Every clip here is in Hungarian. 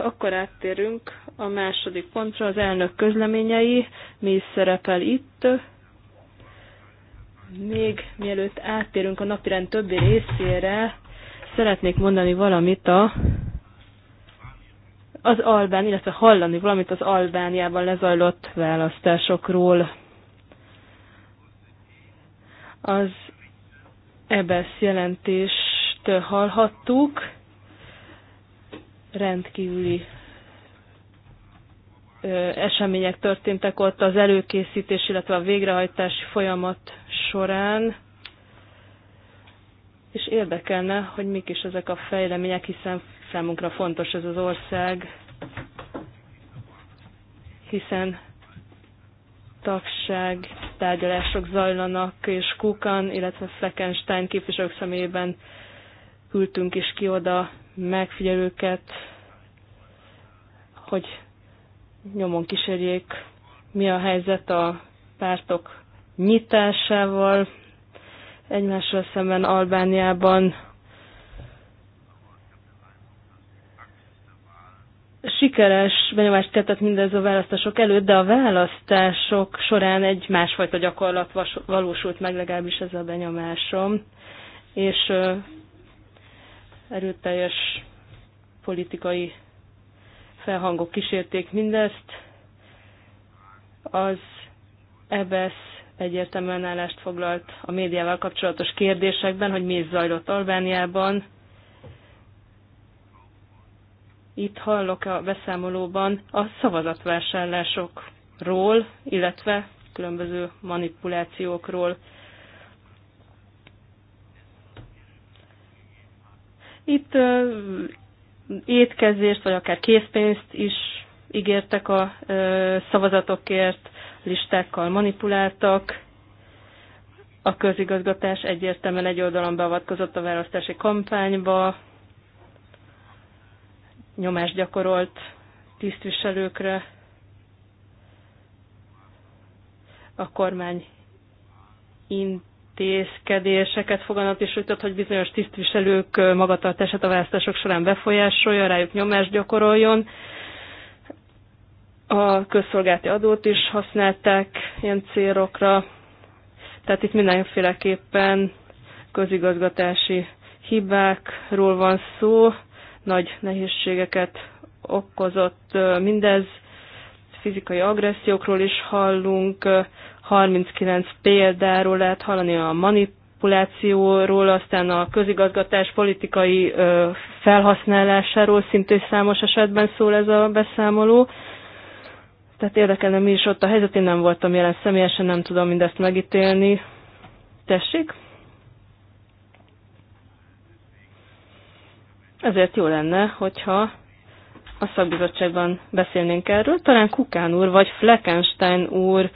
akkor áttérünk a második pontra, az elnök közleményei, mi is szerepel itt. Még mielőtt áttérünk a napirend többi részére, szeretnék mondani valamit a az Albán, illetve hallani valamit az Albániában lezajlott választásokról. Az EBESZ jelentést hallhattuk, rendkívüli események történtek ott az előkészítés, illetve a végrehajtási folyamat során, és érdekelne, hogy mik is ezek a fejlemények, hiszen számunkra fontos ez az ország, hiszen tagság tárgyalások zajlanak, és Kukan, illetve Fleckenstein képviselők személyében küldtünk is ki oda megfigyelőket, hogy nyomon kísérjék, mi a helyzet a pártok nyitásával egymással szemben Albániában. Sikeres benyomást keltett mindez a választások előtt, de a választások során egy másfajta gyakorlat valósult meg, legalábbis ez a benyomásom. És erőteljes politikai felhangok kísérték mindezt. Az EBSZ e egyértelműen állást foglalt a médiával kapcsolatos kérdésekben, hogy mi is zajlott Albániában. Itt hallok a beszámolóban a szavazatvásárlásokról, illetve különböző manipulációkról. Itt étkezést, vagy akár készpénzt is ígértek a szavazatokért, listákkal manipuláltak, a közigazgatás egyértelműen egy oldalon beavatkozott a választási kampányba, nyomást gyakorolt tisztviselőkre, a kormány int intézkedéseket foganatosított, hogy bizonyos tisztviselők magatartását a választások során befolyásolja, rájuk nyomást gyakoroljon. A közszolgálati adót is használták ilyen célokra, tehát itt mindenféleképpen közigazgatási hibákról van szó, nagy nehézségeket okozott mindez, fizikai agressziókról is hallunk, 39 példáról lehet hallani a manipulációról, aztán a közigazgatás politikai felhasználásáról szintén számos esetben szól ez a beszámoló. Tehát érdekelne mi is ott a helyzet, én nem voltam jelen személyesen, nem tudom mindezt megítélni. Tessék? Ezért jó lenne, hogyha a szakbizottságban beszélnénk erről. Talán Kukán úr vagy Fleckenstein úr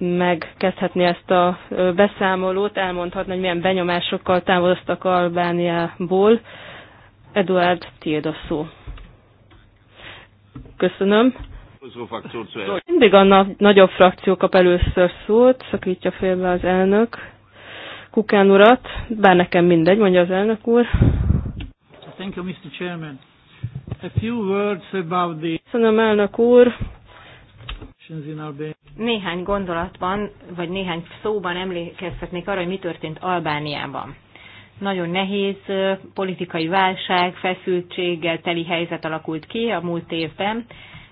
megkezdhetni ezt a beszámolót, elmondhatna, hogy milyen benyomásokkal távoztak Albániából. Eduard, tiéd a szó. Köszönöm. Mindig a nagyobb frakció kap először szót, szakítja félbe az elnök. Kukán urat, bár nekem mindegy, mondja az elnök úr. Thank you, Mr. Chairman. A few words about the... Köszönöm, elnök úr. Néhány gondolatban, vagy néhány szóban emlékeztetnék arra, hogy mi történt Albániában. Nagyon nehéz politikai válság, feszültséggel teli helyzet alakult ki a múlt évben,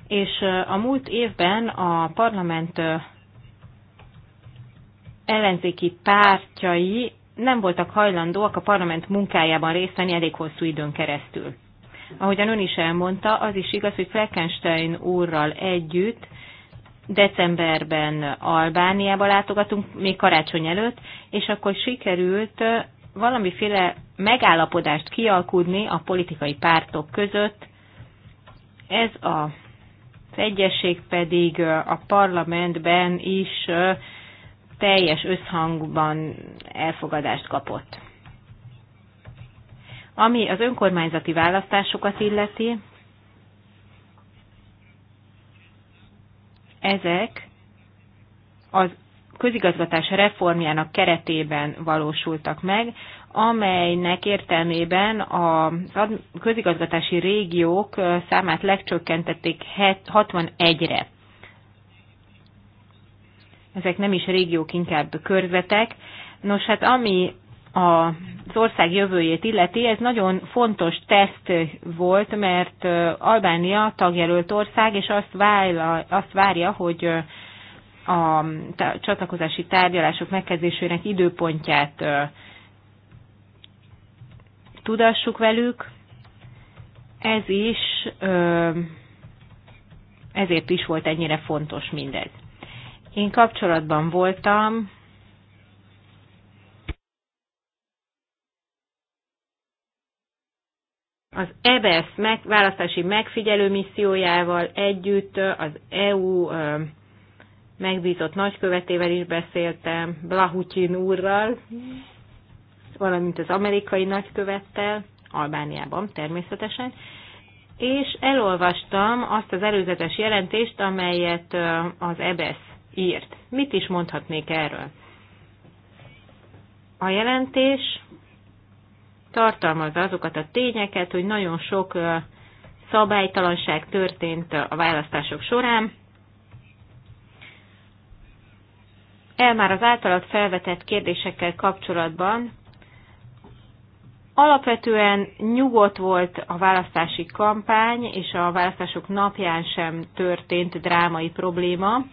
és a múlt évben a parlament ellenzéki pártjai nem voltak hajlandóak a parlament munkájában részt venni elég hosszú időn keresztül. Ahogyan ön is elmondta, az is igaz, hogy Fleckenstein úrral együtt decemberben Albániába látogatunk, még karácsony előtt, és akkor sikerült valamiféle megállapodást kialkudni a politikai pártok között. Ez a, egyesség pedig a parlamentben is teljes összhangban elfogadást kapott. Ami az önkormányzati választásokat illeti, ezek az közigazgatás reformjának keretében valósultak meg, amelynek értelmében a közigazgatási régiók számát legcsökkentették 61-re. Ezek nem is régiók, inkább körzetek. Nos, hát ami az ország jövőjét illeti, ez nagyon fontos teszt volt, mert Albánia tagjelölt ország, és azt, várja, azt várja, hogy a csatlakozási tárgyalások megkezdésének időpontját tudassuk velük. Ez is, ezért is volt ennyire fontos mindez. Én kapcsolatban voltam az EBS e meg, választási megfigyelő missziójával együtt az EU megbízott nagykövetével is beszéltem, Blahutin úrral, valamint az amerikai nagykövettel, Albániában természetesen, és elolvastam azt az előzetes jelentést, amelyet az EBS e írt. Mit is mondhatnék erről? A jelentés tartalmazza azokat a tényeket, hogy nagyon sok szabálytalanság történt a választások során. El már az általad felvetett kérdésekkel kapcsolatban Alapvetően nyugodt volt a választási kampány, és a választások napján sem történt drámai probléma.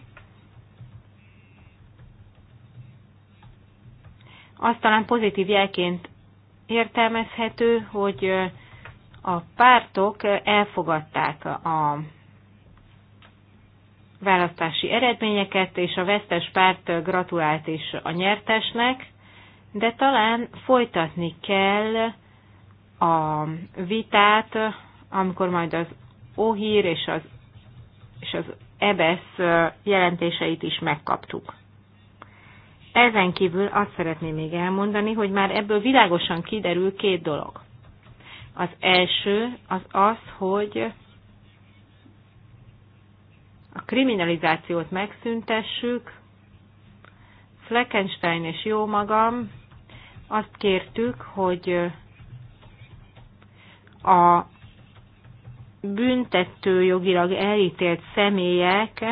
Azt talán pozitív jelként értelmezhető, hogy a pártok elfogadták a választási eredményeket, és a vesztes párt gratulált is a nyertesnek, de talán folytatni kell a vitát, amikor majd az OHIR és az, és az EBESZ jelentéseit is megkaptuk. Ezen kívül azt szeretném még elmondani, hogy már ebből világosan kiderül két dolog. Az első az az, hogy a kriminalizációt megszüntessük. Fleckenstein és jó magam azt kértük, hogy a büntető jogilag elítélt személyek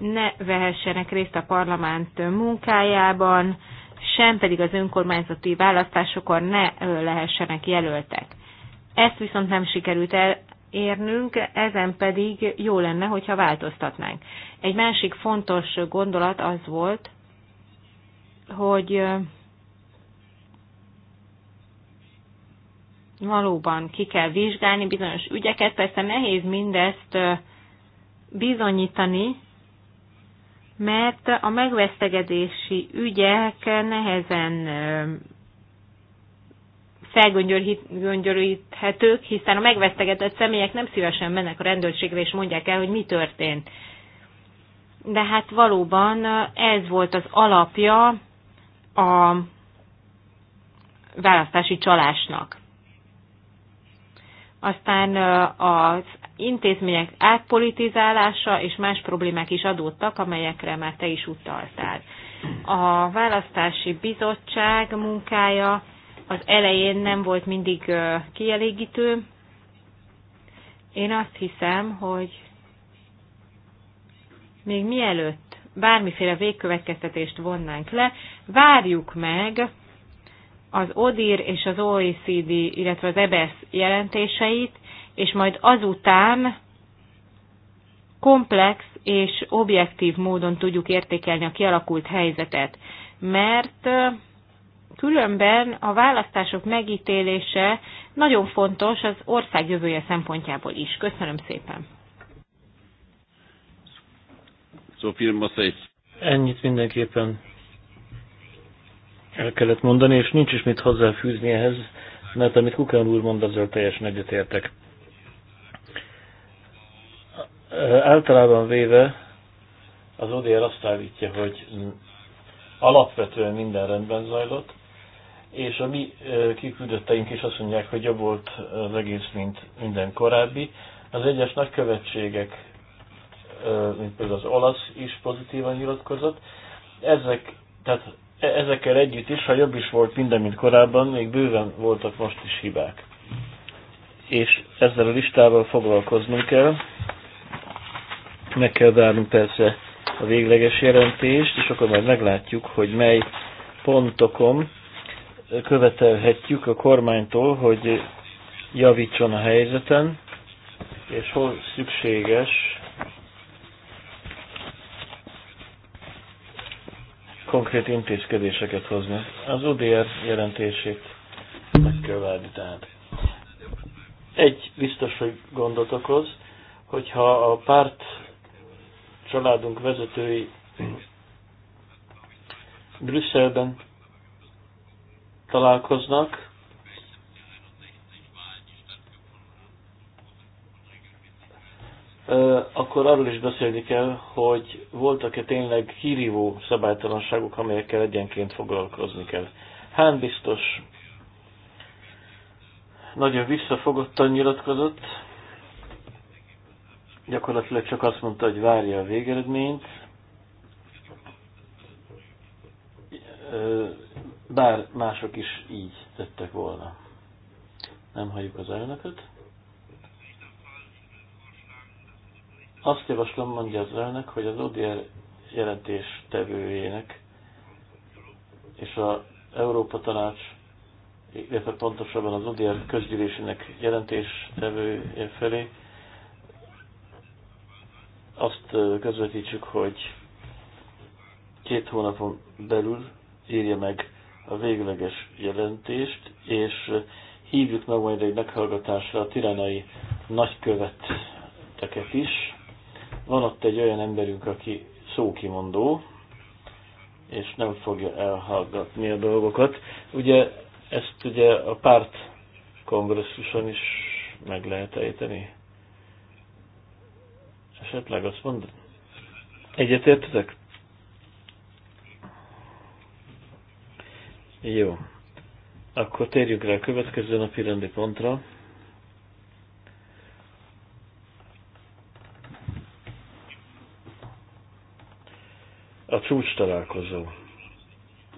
ne vehessenek részt a parlament munkájában, sem pedig az önkormányzati választásokon ne lehessenek jelöltek. Ezt viszont nem sikerült elérnünk, ezen pedig jó lenne, hogyha változtatnánk. Egy másik fontos gondolat az volt, hogy valóban ki kell vizsgálni bizonyos ügyeket, persze nehéz mindezt bizonyítani, mert a megvesztegedési ügyek nehezen felgöngyöríthetők, hiszen a megvesztegetett személyek nem szívesen mennek a rendőrségre és mondják el, hogy mi történt. De hát valóban ez volt az alapja a választási csalásnak aztán az intézmények átpolitizálása és más problémák is adódtak, amelyekre már te is utaltál. A választási bizottság munkája az elején nem volt mindig kielégítő. Én azt hiszem, hogy még mielőtt bármiféle végkövetkeztetést vonnánk le, várjuk meg az ODIR és az OECD, illetve az EBS e jelentéseit, és majd azután komplex és objektív módon tudjuk értékelni a kialakult helyzetet, mert különben a választások megítélése nagyon fontos az ország jövője szempontjából is. Köszönöm szépen! Ennyit mindenképpen el kellett mondani, és nincs is mit hozzáfűzni ehhez, mert amit Kukán úr mond, azzal teljesen egyetértek. Általában véve az ODR azt állítja, hogy alapvetően minden rendben zajlott, és a mi kiküldötteink is azt mondják, hogy jobb volt az egész, mint minden korábbi. Az egyes nagykövetségek, mint például az olasz is pozitívan nyilatkozott. Ezek, tehát E- ezekkel együtt is, ha jobb is volt minden, mint korábban, még bőven voltak most is hibák. És ezzel a listával foglalkoznunk kell. Meg kell várnunk persze a végleges jelentést, és akkor majd meglátjuk, hogy mely pontokon követelhetjük a kormánytól, hogy javítson a helyzeten, és hol szükséges konkrét intézkedéseket hozni. Az UDR jelentését meg kell várni tehát. Egy biztos, hogy gondot okoz, hogyha a párt családunk vezetői Brüsszelben találkoznak, akkor arról is beszélni kell, hogy voltak-e tényleg hírívó szabálytalanságok, amelyekkel egyenként foglalkozni kell. Hán biztos nagyon visszafogottan nyilatkozott, gyakorlatilag csak azt mondta, hogy várja a végeredményt, bár mások is így tettek volna. Nem halljuk az elnököt. Azt javaslom, mondja az elnök, hogy az ODR jelentés tevőjének és a Európa Tanács, illetve pontosabban az ODR közgyűlésének jelentés tevője felé azt közvetítsük, hogy két hónapon belül írja meg a végleges jelentést, és hívjuk meg majd egy meghallgatásra a nagykövet nagyköveteket is, van ott egy olyan emberünk, aki szókimondó, és nem fogja elhallgatni a dolgokat. Ugye ezt ugye a párt kongresszuson is meg lehet ejteni. Esetleg azt mondod? Egyetértetek? Jó. Akkor térjünk rá a következő napi rendi pontra. a csúcs találkozó.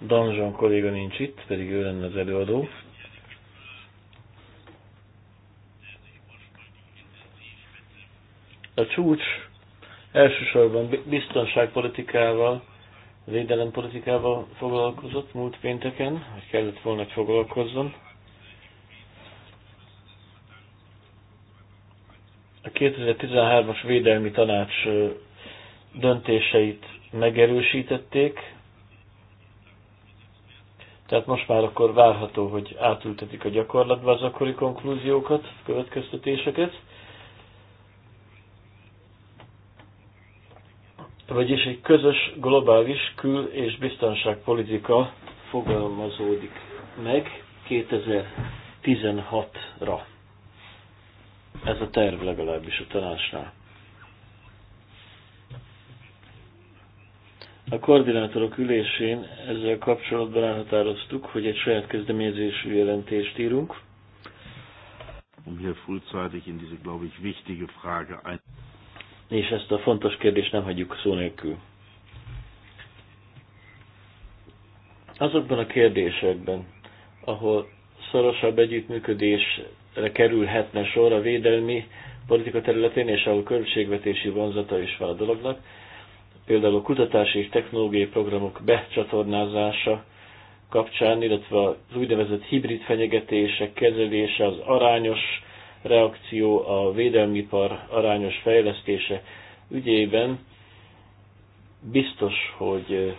Danzson kolléga nincs itt, pedig ő lenne az előadó. A csúcs elsősorban biztonságpolitikával, védelempolitikával foglalkozott múlt pénteken, hogy kellett volna, hogy foglalkozzon. A 2013-as védelmi tanács döntéseit megerősítették, tehát most már akkor várható, hogy átültetik a gyakorlatba az akkori konklúziókat, következtetéseket. Vagyis egy közös globális kül- és biztonságpolitika fogalmazódik meg 2016-ra. Ez a terv legalábbis a tanácsnál. A koordinátorok ülésén ezzel kapcsolatban elhatároztuk, hogy egy saját kezdeményezésű jelentést írunk. Um hier frühzeitig in diese, glaube ich, wichtige Frage ein. És ezt a fontos kérdést nem hagyjuk szó nélkül. Azokban a kérdésekben, ahol szorosabb együttműködésre kerülhetne sor a védelmi politika területén, és ahol költségvetési vonzata is van a dolognak, például a kutatási és technológiai programok becsatornázása kapcsán, illetve az úgynevezett hibrid fenyegetések kezelése, az arányos reakció, a védelmipar arányos fejlesztése ügyében biztos, hogy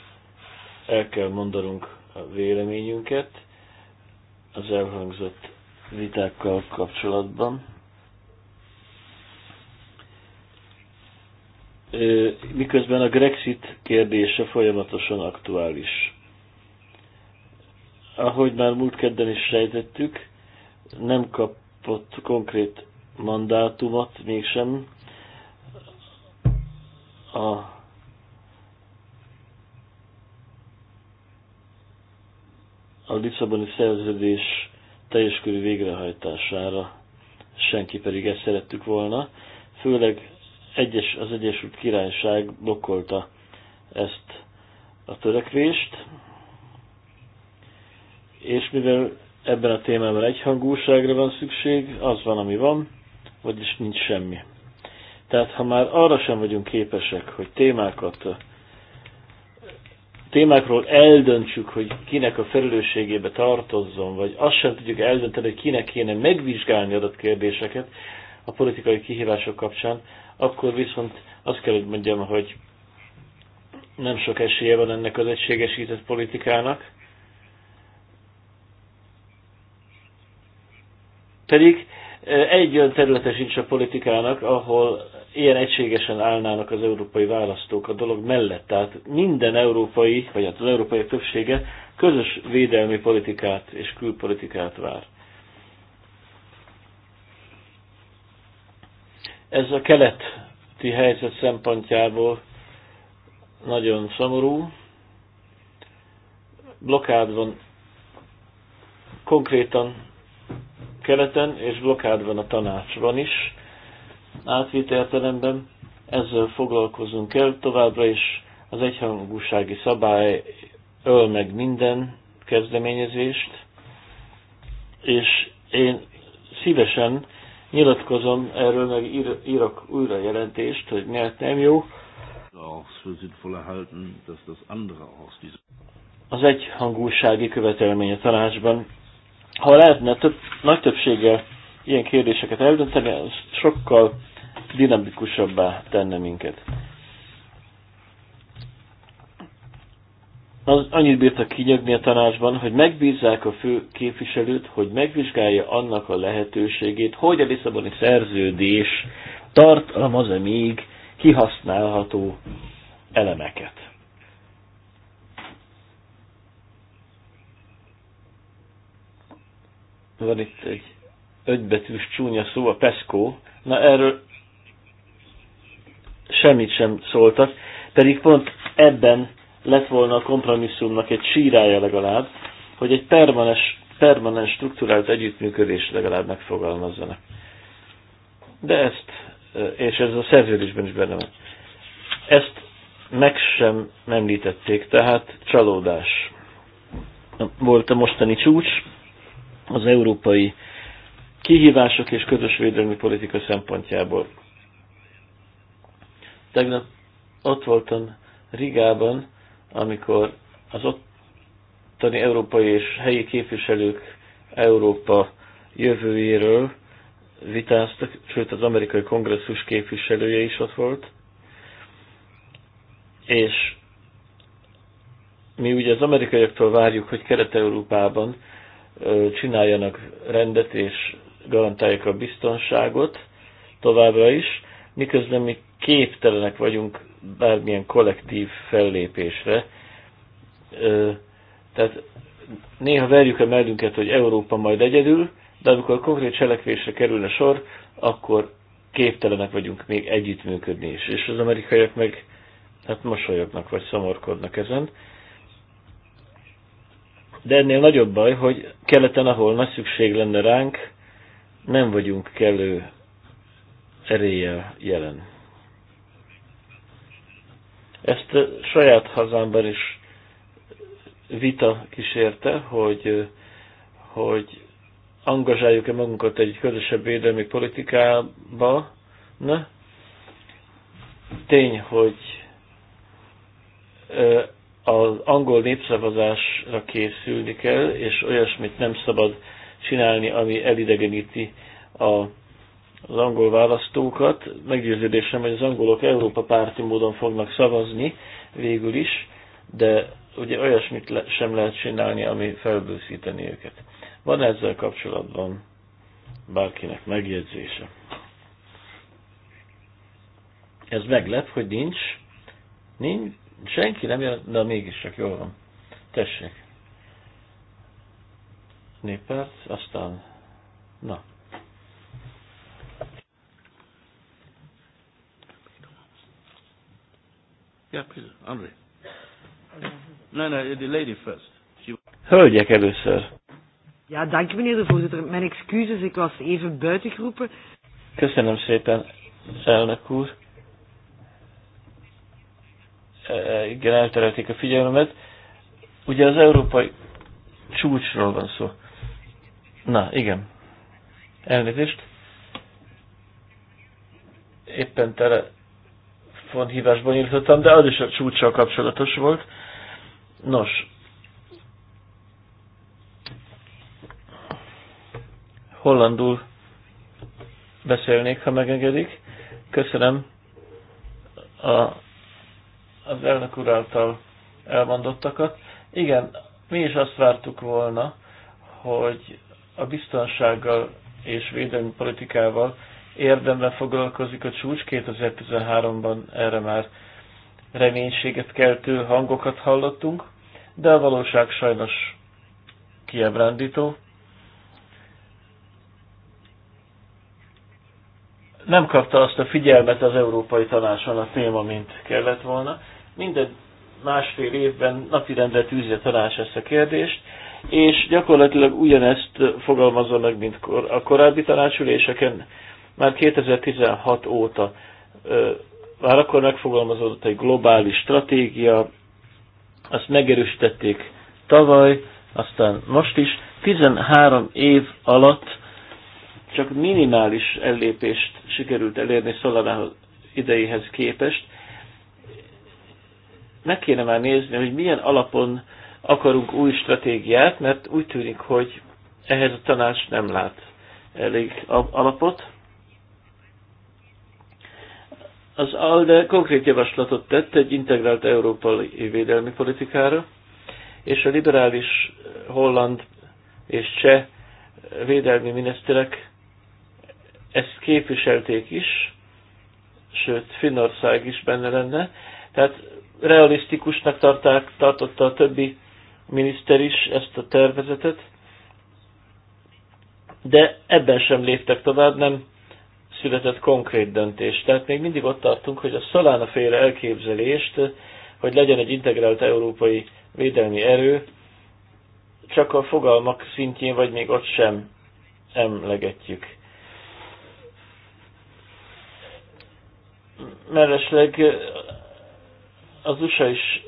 el kell mondanunk a véleményünket az elhangzott vitákkal kapcsolatban. miközben a Grexit kérdése folyamatosan aktuális. Ahogy már múlt kedden is sejtettük, nem kapott konkrét mandátumot mégsem a a Lisszaboni szerződés teljes körű végrehajtására, senki pedig ezt szerettük volna, főleg egyes, az Egyesült Királyság blokkolta ezt a törekvést, és mivel ebben a témában egyhangúságra van szükség, az van, ami van, vagyis nincs semmi. Tehát ha már arra sem vagyunk képesek, hogy témákat, témákról eldöntsük, hogy kinek a felelősségébe tartozzon, vagy azt sem tudjuk eldönteni, hogy kinek kéne megvizsgálni adott kérdéseket a politikai kihívások kapcsán, akkor viszont azt kell, hogy mondjam, hogy nem sok esélye van ennek az egységesített politikának. Pedig e, egy olyan területe sincs a politikának, ahol ilyen egységesen állnának az európai választók a dolog mellett. Tehát minden európai, vagy hát az európai többsége közös védelmi politikát és külpolitikát vár. Ez a keleti helyzet szempontjából nagyon szomorú. Blokád van konkrétan keleten, és blokád van a tanácsban is, átvételtelemben. Ezzel foglalkozunk el továbbra is. Az egyhangúsági szabály öl meg minden kezdeményezést, és én szívesen nyilatkozom erről, meg ír, írok újra jelentést, hogy miért nem jó. Az egyhangúsági követelmény a tanácsban. Ha lehetne több, nagy többséggel ilyen kérdéseket eldönteni, az sokkal dinamikusabbá tenne minket. az, annyit bírtak kinyögni a tanácsban, hogy megbízzák a fő képviselőt, hogy megvizsgálja annak a lehetőségét, hogy a Lisszaboni szerződés tartalmaz-e még kihasználható elemeket. Van itt egy ötbetűs csúnya szó, a PESCO. Na erről semmit sem szóltak, pedig pont ebben lett volna a kompromisszumnak egy sírája legalább, hogy egy permanens, permanens struktúrált együttműködés legalább megfogalmazzanak. De ezt, eh, és ez a szerződésben is benne van. Ezt meg sem említették, tehát csalódás volt a mostani csúcs, az európai kihívások és közös védelmi politika szempontjából. Tegnap ott voltam Rigában, amikor az ottani európai és helyi képviselők Európa jövőjéről vitáztak, sőt az amerikai kongresszus képviselője is ott volt, és mi ugye az amerikaiaktól várjuk, hogy Kelet-Európában csináljanak rendet és garantálják a biztonságot továbbra is, miközben mi képtelenek vagyunk bármilyen kollektív fellépésre. Tehát néha verjük a mellünket, hogy Európa majd egyedül, de amikor konkrét cselekvésre kerülne sor, akkor képtelenek vagyunk még együttműködni is. És az amerikaiak meg hát mosolyognak, vagy szomorkodnak ezen. De ennél nagyobb baj, hogy keleten, ahol nagy szükség lenne ránk, nem vagyunk kellő eréllyel jelen. Ezt saját hazámban is vita kísérte, hogy, hogy angazsáljuk-e magunkat egy közösebb védelmi politikába. Na, tény, hogy az angol népszavazásra készülni kell, és olyasmit nem szabad csinálni, ami elidegeníti a az angol választókat. Meggyőződésem, hogy az angolok Európa párti módon fognak szavazni végül is, de ugye olyasmit le, sem lehet csinálni, ami felbőszíteni őket. Van ezzel kapcsolatban bárkinek megjegyzése? Ez meglep, hogy nincs. Nincs, senki nem jön, de mégis csak jól van. Tessék. Néppárt, aztán... Na. Yeah, please, Andre. No, no, the lady first. She... Hölgyek először. Ja, dank meneer de voorzitter. Mijn excuses, ik was even buiten geroepen. Köszönöm szépen, elnök úr. E, e, igen, elterelték a figyelmemet. Ugye az európai csúcsról van szó. Na, igen. Elnézést. Éppen tele van hívásban nyitottam, de az is a csúcssal kapcsolatos volt. Nos, hollandul beszélnék, ha megengedik. Köszönöm a, az elnök úr által elmondottakat. Igen, mi is azt vártuk volna, hogy a biztonsággal és védelmi politikával érdemben foglalkozik a csúcs, 2013-ban erre már reménységet keltő hangokat hallottunk, de a valóság sajnos kiebrándító. Nem kapta azt a figyelmet az Európai Tanácson a téma, mint kellett volna. Minden másfél évben napirendre tűzi a tanács ezt a kérdést, és gyakorlatilag ugyanezt fogalmazza meg, mint a korábbi tanácsüléseken, már 2016 óta már akkor megfogalmazódott egy globális stratégia, azt megerősítették tavaly, aztán most is. 13 év alatt csak minimális ellépést sikerült elérni Szalarához idejéhez képest. Meg kéne már nézni, hogy milyen alapon akarunk új stratégiát, mert úgy tűnik, hogy ehhez a tanács nem lát elég alapot. Az ALDE konkrét javaslatot tett egy integrált európai védelmi politikára, és a liberális holland és cseh védelmi miniszterek ezt képviselték is, sőt Finnország is benne lenne. Tehát realisztikusnak tarták, tartotta a többi miniszter is ezt a tervezetet, de ebben sem léptek tovább, nem született konkrét döntés. Tehát még mindig ott tartunk, hogy a Szalána féle elképzelést, hogy legyen egy integrált európai védelmi erő, csak a fogalmak szintjén, vagy még ott sem emlegetjük. Mellesleg az USA is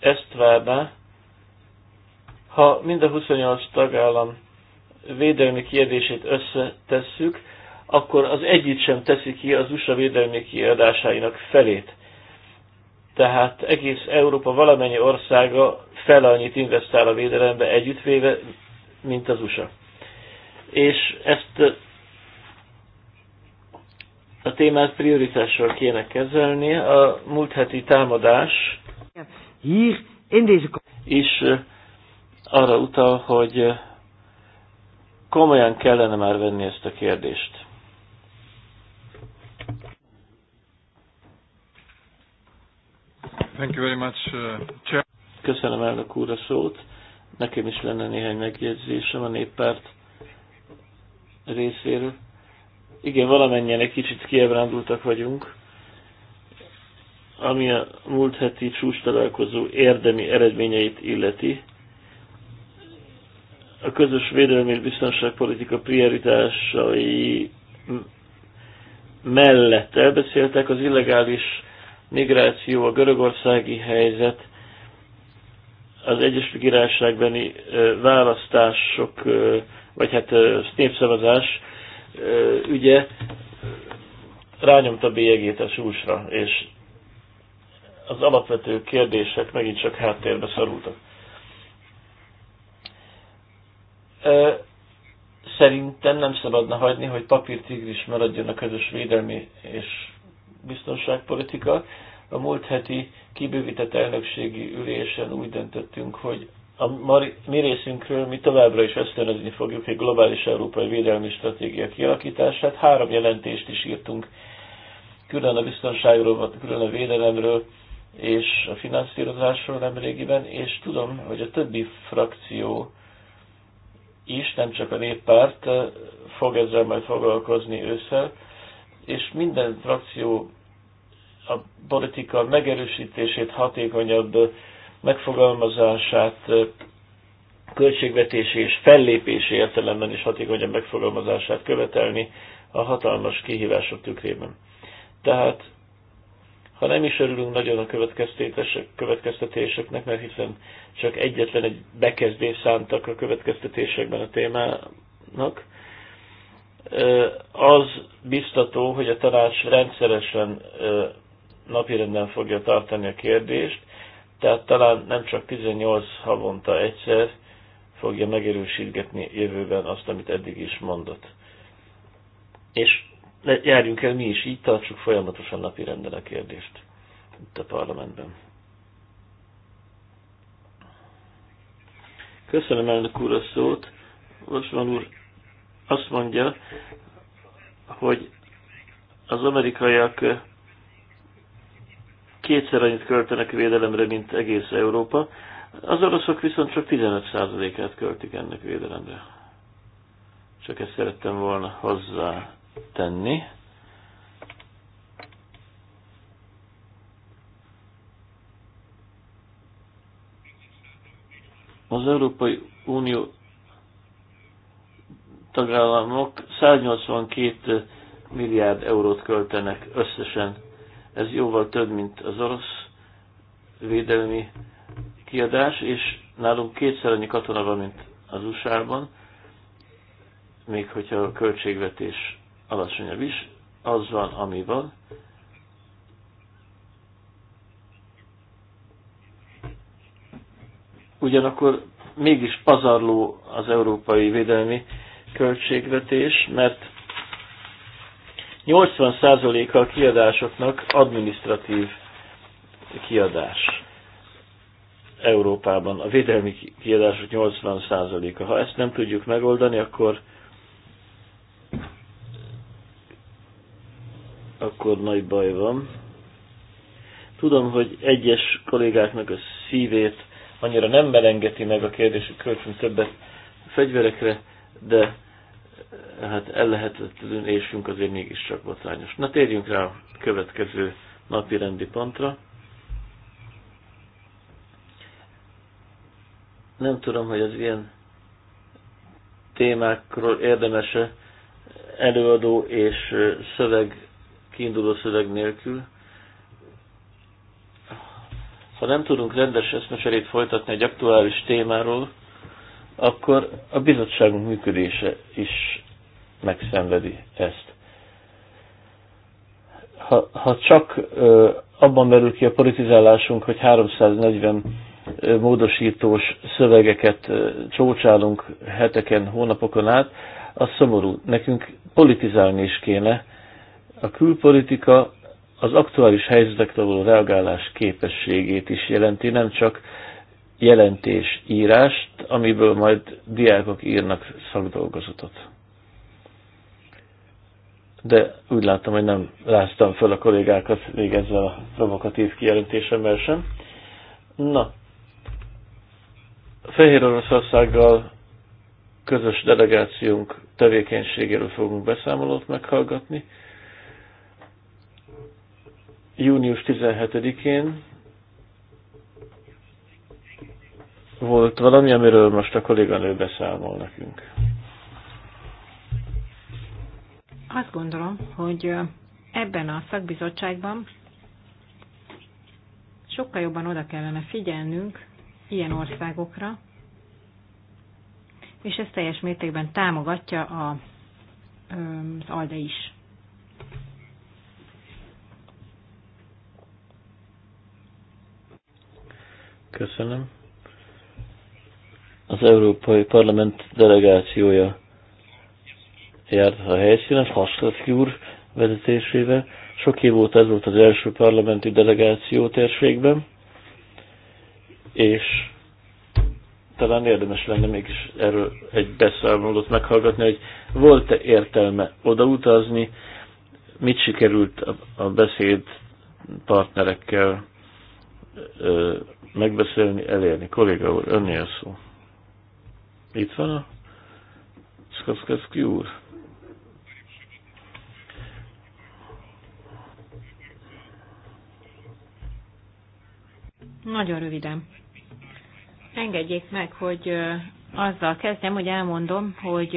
ezt várná, ha mind a 28 tagállam védelmi kérdését összetesszük, akkor az együtt sem teszi ki az USA védelmi kiadásainak felét. Tehát egész Európa valamennyi országa fel annyit investál a védelembe együttvéve, mint az USA. És ezt a témát prioritással kéne kezelni. A múlt heti támadás is arra utal, hogy komolyan kellene már venni ezt a kérdést. Thank you very much, uh, Chair. Köszönöm elnök úr a szót. Nekem is lenne néhány megjegyzésem a néppárt részéről. Igen, valamennyien egy kicsit kiebrándultak vagyunk, ami a múlt heti csúcs találkozó érdemi eredményeit illeti. A közös védelmi és biztonságpolitika prioritásai mellett elbeszéltek az illegális migráció, a görögországi helyzet, az Egyesült Királyságbeni választások, vagy hát népszavazás ügye rányomta bélyegét a súsra, és az alapvető kérdések megint csak háttérbe szorultak. Szerintem nem szabadna hagyni, hogy papírtigris maradjon a közös védelmi és biztonságpolitika. A múlt heti kibővített elnökségi ülésen úgy döntöttünk, hogy a mi részünkről mi továbbra is ösztönözni fogjuk egy globális európai védelmi stratégia kialakítását. Három jelentést is írtunk, külön a biztonságról, külön a védelemről és a finanszírozásról nemrégiben, és tudom, hogy a többi frakció is, nem csak a néppárt fog ezzel majd foglalkozni ősszel, és minden frakció a politika megerősítését, hatékonyabb megfogalmazását, költségvetési és fellépési értelemben is hatékonyabb megfogalmazását követelni a hatalmas kihívások tükrében. Tehát, ha nem is örülünk nagyon a következtetéseknek, mert hiszen csak egyetlen egy bekezdés szántak a következtetésekben a témának, az biztató, hogy a tanács rendszeresen napirenden fogja tartani a kérdést, tehát talán nem csak 18 havonta egyszer fogja megerősítgetni jövőben azt, amit eddig is mondott. És járjunk el mi is így, tartsuk folyamatosan napirenden a kérdést itt a parlamentben. Köszönöm elnök úr a szót. Osman úr azt mondja, hogy az amerikaiak kétszer annyit költenek védelemre, mint egész Európa. Az oroszok viszont csak 15%-át költik ennek védelemre. Csak ezt szerettem volna hozzá tenni. Az Európai Unió tagállamok 182 milliárd eurót költenek összesen ez jóval több, mint az orosz védelmi kiadás, és nálunk kétszer annyi katona van, mint az USA-ban, még hogyha a költségvetés alacsonyabb is, az van, ami van. Ugyanakkor mégis pazarló az európai védelmi költségvetés, mert 80%-a a kiadásoknak administratív kiadás. Európában a védelmi kiadások 80%-a. Ha ezt nem tudjuk megoldani, akkor akkor nagy baj van. Tudom, hogy egyes kollégáknak a szívét annyira nem melengeti meg a kérdés, hogy költsünk többet fegyverekre, de hát ellehetetlenésünk azért mégiscsak botrányos. Na térjünk rá a következő napi rendi pontra. Nem tudom, hogy az ilyen témákról -e előadó és szöveg, kiinduló szöveg nélkül. Ha nem tudunk rendes eszmeserét folytatni egy aktuális témáról, akkor a bizottságunk működése is megszenvedi ezt. Ha, ha csak ö, abban merül ki a politizálásunk, hogy 340 ö, módosítós szövegeket ö, csócsálunk heteken, hónapokon át, az szomorú. Nekünk politizálni is kéne. A külpolitika az aktuális helyzetekre való reagálás képességét is jelenti, nem csak jelentés írást, amiből majd diákok írnak szakdolgozatot de úgy láttam, hogy nem láztam föl a kollégákat még ezzel a provokatív kijelentésemmel sem. Na, Fehér Oroszországgal közös delegációnk tevékenységéről fogunk beszámolót meghallgatni. Június 17-én volt valami, amiről most a kolléganő beszámol nekünk. Azt gondolom, hogy ebben a szakbizottságban sokkal jobban oda kellene figyelnünk ilyen országokra, és ez teljes mértékben támogatja a, az ALDE is. Köszönöm. Az Európai Parlament delegációja járt a helyszínen, Haszkowski úr vezetésével. Sok év óta ez volt az első parlamenti delegáció térségben, és talán érdemes lenne mégis erről egy beszámolót meghallgatni, hogy volt-e értelme odautazni, mit sikerült a beszéd partnerekkel megbeszélni, elérni. Kolléga úr, önnél szó. Itt van a Skaszkaszki úr? Nagyon röviden. Engedjék meg, hogy azzal kezdem, hogy elmondom, hogy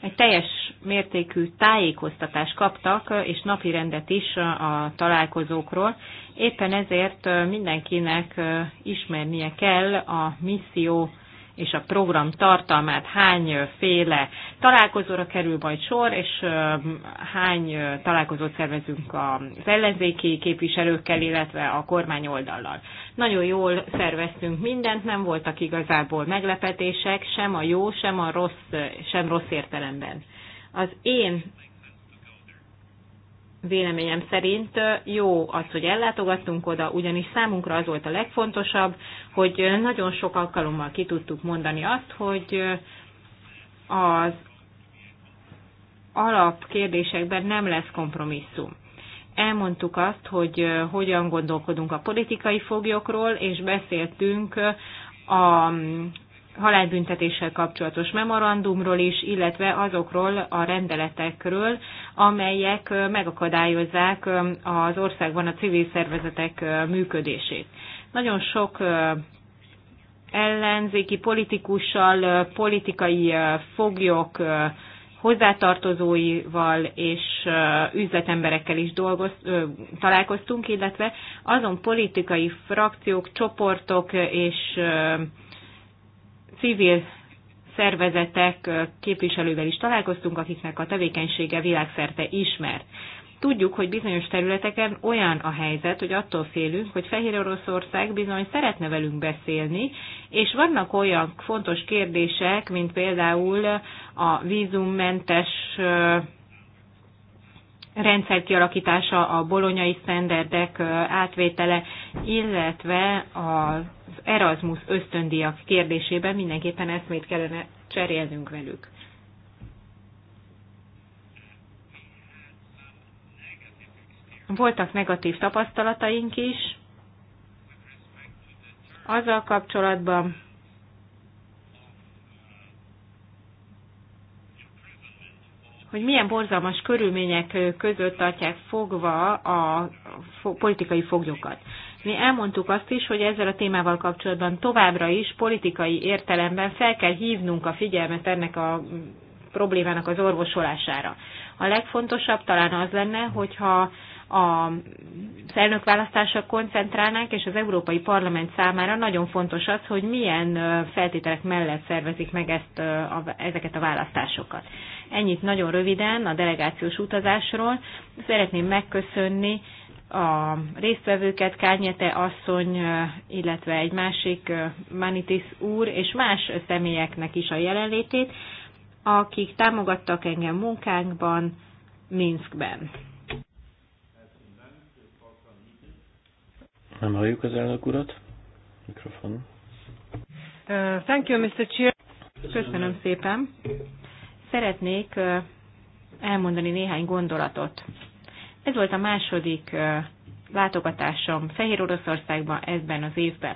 egy teljes mértékű tájékoztatást kaptak, és napi rendet is a találkozókról. Éppen ezért mindenkinek ismernie kell a misszió és a program tartalmát, hány féle találkozóra kerül majd sor, és hány találkozót szervezünk az ellenzéki képviselőkkel, illetve a kormány oldallal. Nagyon jól szerveztünk mindent, nem voltak igazából meglepetések, sem a jó, sem a rossz, sem rossz értelemben. Az én véleményem szerint jó az, hogy ellátogattunk oda, ugyanis számunkra az volt a legfontosabb, hogy nagyon sok alkalommal ki tudtuk mondani azt, hogy az alapkérdésekben nem lesz kompromisszum. Elmondtuk azt, hogy hogyan gondolkodunk a politikai foglyokról, és beszéltünk a halálbüntetéssel kapcsolatos memorandumról is, illetve azokról a rendeletekről, amelyek megakadályozzák az országban a civil szervezetek működését. Nagyon sok ellenzéki politikussal, politikai foglyok, hozzátartozóival és üzletemberekkel is dolgoz, találkoztunk, illetve azon politikai frakciók, csoportok és civil szervezetek képviselővel is találkoztunk, akiknek a tevékenysége világszerte ismert. Tudjuk, hogy bizonyos területeken olyan a helyzet, hogy attól félünk, hogy Fehér Oroszország bizony szeretne velünk beszélni, és vannak olyan fontos kérdések, mint például a vízummentes rendszer kialakítása, a bolonyai szenderdek átvétele, illetve a Erasmus ösztöndiak kérdésében mindenképpen eszmét kellene cserélnünk velük. Voltak negatív tapasztalataink is azzal kapcsolatban, hogy milyen borzalmas körülmények között tartják fogva a politikai foglyokat. Mi elmondtuk azt is, hogy ezzel a témával kapcsolatban továbbra is politikai értelemben fel kell hívnunk a figyelmet ennek a problémának az orvosolására. A legfontosabb talán az lenne, hogyha a elnökválasztásra koncentrálnánk, és az Európai Parlament számára nagyon fontos az, hogy milyen feltételek mellett szervezik meg ezt, a, ezeket a választásokat. Ennyit nagyon röviden a delegációs utazásról. Szeretném megköszönni a résztvevőket, Kányete asszony, illetve egy másik Manitis úr, és más személyeknek is a jelenlétét, akik támogattak engem munkánkban Minskben. Nem halljuk az elnök urat. Mikrofon. Uh, thank you, Mr. Chair. Köszönöm szépen. Szeretnék elmondani néhány gondolatot ez volt a második látogatásom Fehér Oroszországban ebben az évben.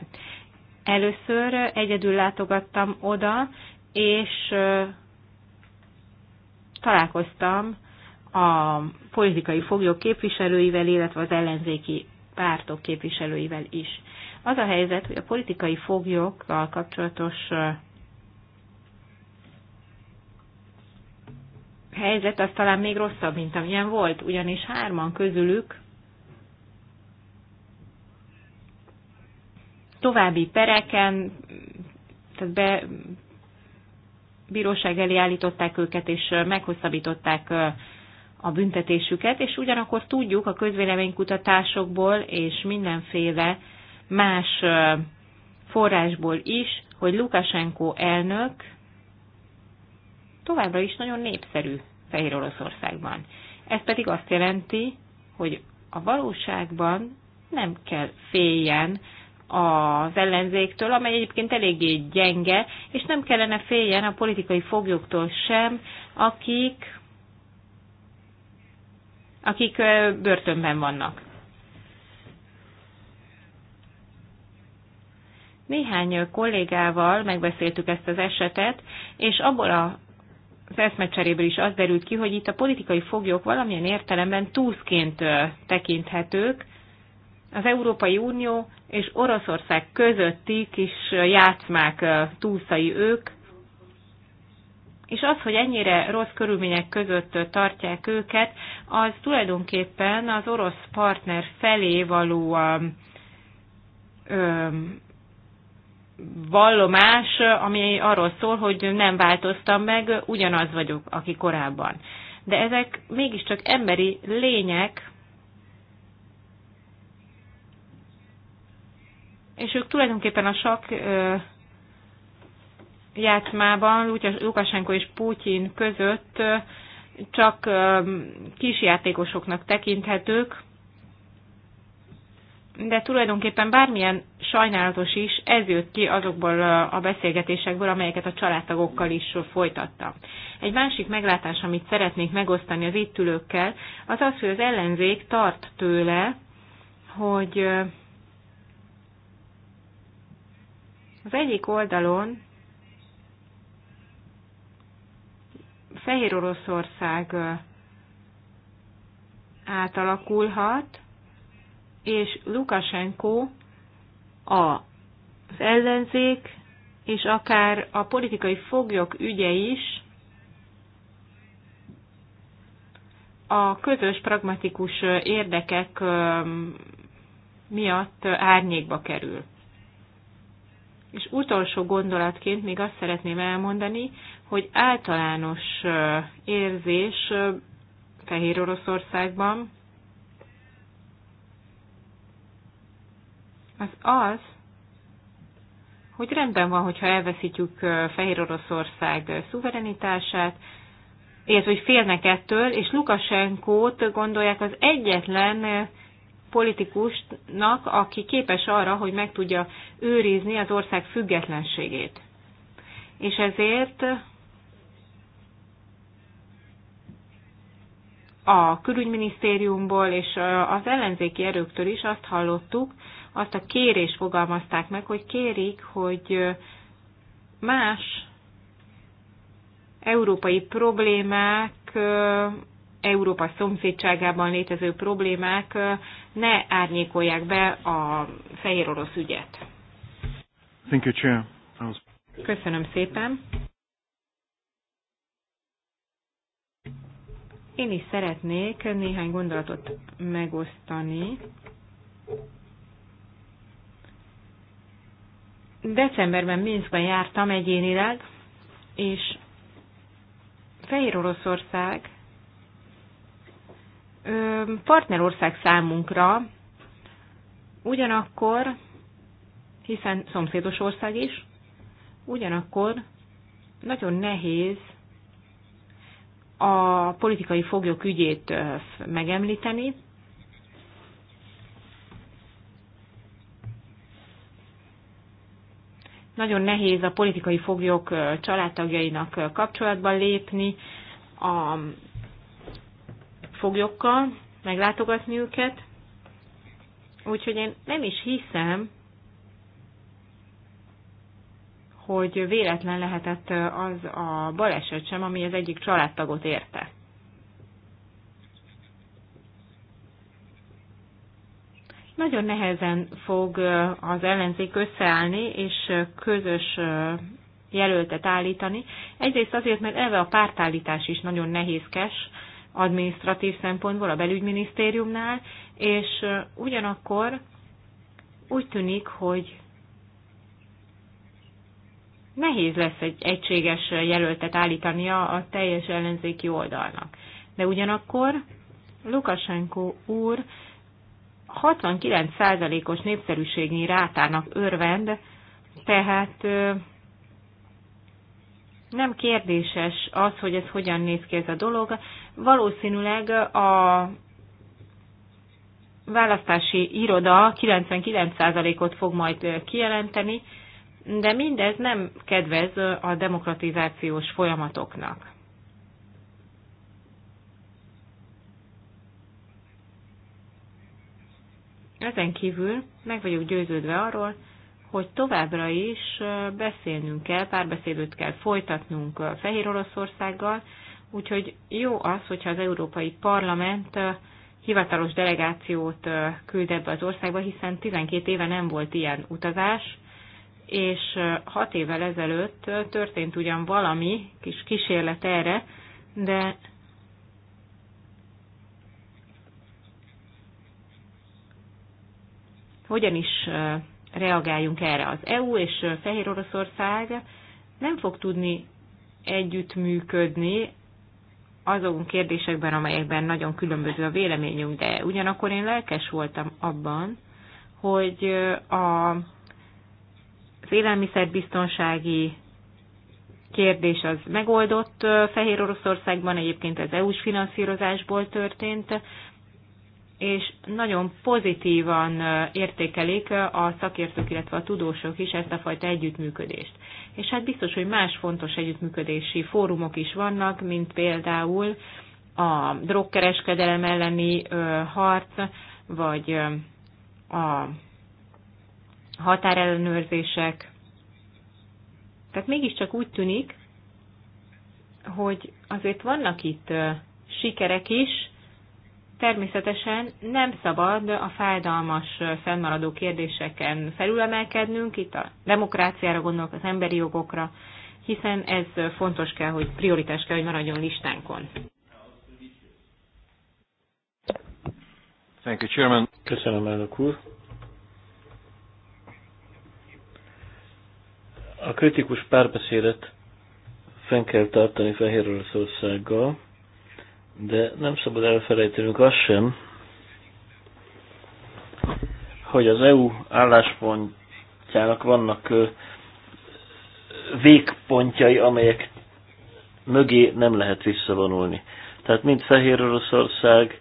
Először egyedül látogattam oda, és találkoztam a politikai foglyok képviselőivel, illetve az ellenzéki pártok képviselőivel is. Az a helyzet, hogy a politikai foglyokkal kapcsolatos helyzet az talán még rosszabb, mint amilyen volt, ugyanis hárman közülük további pereken, tehát be, bíróság elé állították őket, és meghosszabbították a büntetésüket, és ugyanakkor tudjuk a közvéleménykutatásokból és mindenféle más forrásból is, hogy Lukasenko elnök továbbra is nagyon népszerű Fehér Oroszországban. Ez pedig azt jelenti, hogy a valóságban nem kell féljen az ellenzéktől, amely egyébként eléggé gyenge, és nem kellene féljen a politikai foglyoktól sem, akik, akik börtönben vannak. Néhány kollégával megbeszéltük ezt az esetet, és abból a az eszmecseréből is az derült ki, hogy itt a politikai foglyok valamilyen értelemben túszként tekinthetők, az Európai Unió és Oroszország közötti kis játszmák túlszai ők, és az, hogy ennyire rossz körülmények között tartják őket, az tulajdonképpen az orosz partner felé való vallomás, ami arról szól, hogy nem változtam meg, ugyanaz vagyok, aki korábban. De ezek mégiscsak emberi lények, és ők tulajdonképpen a sok játszmában Lukasenko és Putyin között csak kisjátékosoknak tekinthetők, de tulajdonképpen bármilyen sajnálatos is, ez jött ki azokból a beszélgetésekből, amelyeket a családtagokkal is folytattam. Egy másik meglátás, amit szeretnék megosztani az itt ülőkkel, az az, hogy az ellenzék tart tőle, hogy az egyik oldalon Fehér Oroszország átalakulhat, és Lukasenko az ellenzék és akár a politikai foglyok ügye is a közös pragmatikus érdekek miatt árnyékba kerül. És utolsó gondolatként még azt szeretném elmondani, hogy általános érzés Fehér Oroszországban, az az, hogy rendben van, hogyha elveszítjük Fehér Oroszország szuverenitását, illetve hogy félnek ettől, és Lukasenkót gondolják az egyetlen politikusnak, aki képes arra, hogy meg tudja őrizni az ország függetlenségét. És ezért a külügyminisztériumból és az ellenzéki erőktől is azt hallottuk, azt a kérés fogalmazták meg, hogy kérik, hogy más európai problémák, Európa szomszédságában létező problémák ne árnyékolják be a fehér orosz ügyet. Thank you, Chair. Köszönöm szépen. Én is szeretnék néhány gondolatot megosztani Decemberben Minskben jártam egyénileg, és Fehér Oroszország partnerország számunkra, ugyanakkor, hiszen szomszédos ország is, ugyanakkor nagyon nehéz a politikai foglyok ügyét megemlíteni, Nagyon nehéz a politikai foglyok családtagjainak kapcsolatban lépni a foglyokkal, meglátogatni őket. Úgyhogy én nem is hiszem, hogy véletlen lehetett az a baleset sem, ami az egyik családtagot érte. Nagyon nehezen fog az ellenzék összeállni és közös jelöltet állítani. Egyrészt azért, mert eleve a pártállítás is nagyon nehézkes adminisztratív szempontból a belügyminisztériumnál, és ugyanakkor úgy tűnik, hogy nehéz lesz egy egységes jelöltet állítania a teljes ellenzéki oldalnak. De ugyanakkor Lukasenko úr 69%-os népszerűségi rátának örvend, tehát nem kérdéses az, hogy ez hogyan néz ki ez a dolog. Valószínűleg a választási iroda 99%-ot fog majd kijelenteni, de mindez nem kedvez a demokratizációs folyamatoknak. Ezen kívül meg vagyok győződve arról, hogy továbbra is beszélnünk kell, párbeszédőt kell folytatnunk Fehér Oroszországgal, úgyhogy jó az, hogyha az Európai Parlament hivatalos delegációt küld ebbe az országba, hiszen 12 éve nem volt ilyen utazás, és 6 évvel ezelőtt történt ugyan valami kis kísérlet erre, de hogyan is reagáljunk erre. Az EU és Fehér Oroszország nem fog tudni együttműködni azon kérdésekben, amelyekben nagyon különböző a véleményünk, de ugyanakkor én lelkes voltam abban, hogy a, az élelmiszerbiztonsági kérdés az megoldott Fehér Oroszországban, egyébként ez EU-s finanszírozásból történt, és nagyon pozitívan értékelik a szakértők, illetve a tudósok is ezt a fajta együttműködést. És hát biztos, hogy más fontos együttműködési fórumok is vannak, mint például a drogkereskedelem elleni harc, vagy a határellenőrzések. Tehát mégiscsak úgy tűnik, hogy azért vannak itt sikerek is, Természetesen nem szabad a fájdalmas fennmaradó kérdéseken felülemelkednünk, itt a demokráciára gondolok, az emberi jogokra, hiszen ez fontos kell, hogy prioritás kell, hogy maradjon listánkon. Thank you, Chairman. Köszönöm, elnök úr. A kritikus párbeszédet fenn kell tartani Fehér Oroszországgal, de nem szabad elfelejtenünk azt sem, hogy az EU álláspontjának vannak végpontjai, amelyek mögé nem lehet visszavonulni. Tehát mind Fehér Oroszország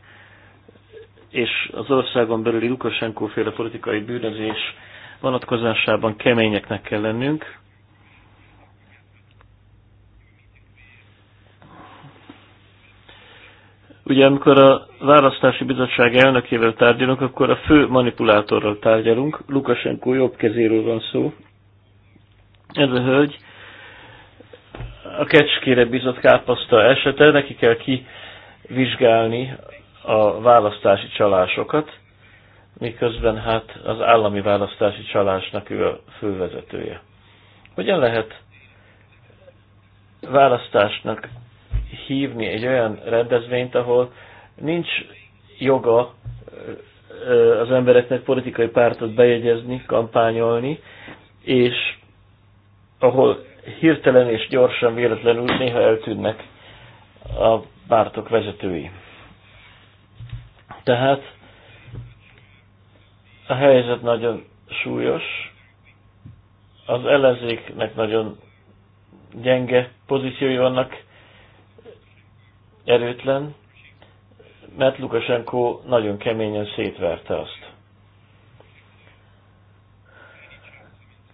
és az országon belüli Lukashenko féle politikai bűnözés vonatkozásában keményeknek kell lennünk, Ugye amikor a választási bizottság elnökével tárgyalunk, akkor a fő manipulátorral tárgyalunk. Lukasenko jobb kezéről van szó. Ez a hölgy a kecskére bizott káposzta esete, neki kell kivizsgálni a választási csalásokat, miközben hát az állami választási csalásnak ő a fővezetője. Hogyan lehet választásnak hívni egy olyan rendezvényt, ahol nincs joga az embereknek politikai pártot bejegyezni, kampányolni, és ahol hirtelen és gyorsan, véletlenül néha eltűnnek a pártok vezetői. Tehát a helyzet nagyon súlyos, az ellenzéknek nagyon gyenge pozíciói vannak, erőtlen, mert Lukasenko nagyon keményen szétverte azt.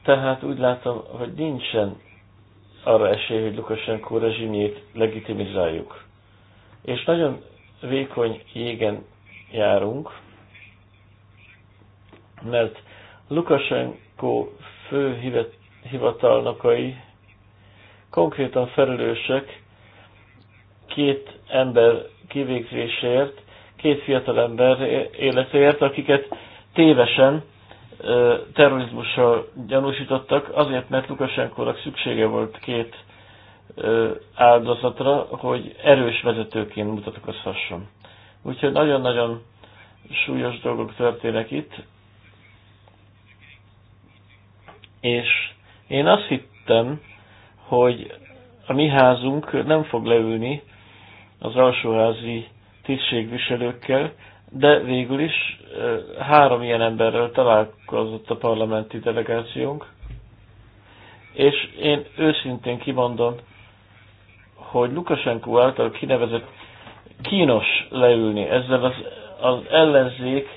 Tehát úgy látom, hogy nincsen arra esély, hogy Lukasenko rezsimjét legitimizáljuk. És nagyon vékony jégen járunk, mert Lukasenko fő hivatalnokai konkrétan felelősek két ember kivégzésért, két fiatal ember életéért, akiket tévesen terrorizmussal gyanúsítottak, azért, mert Lukasenkónak szüksége volt két áldozatra, hogy erős vezetőként mutatkozhasson. Úgyhogy nagyon-nagyon súlyos dolgok történnek itt, és én azt hittem, hogy a mi házunk nem fog leülni az alsóházi tisztségviselőkkel, de végül is három ilyen emberrel találkozott a parlamenti delegációnk, és én őszintén kimondom, hogy Lukasenko által kinevezett kínos leülni ezzel az, az ellenzék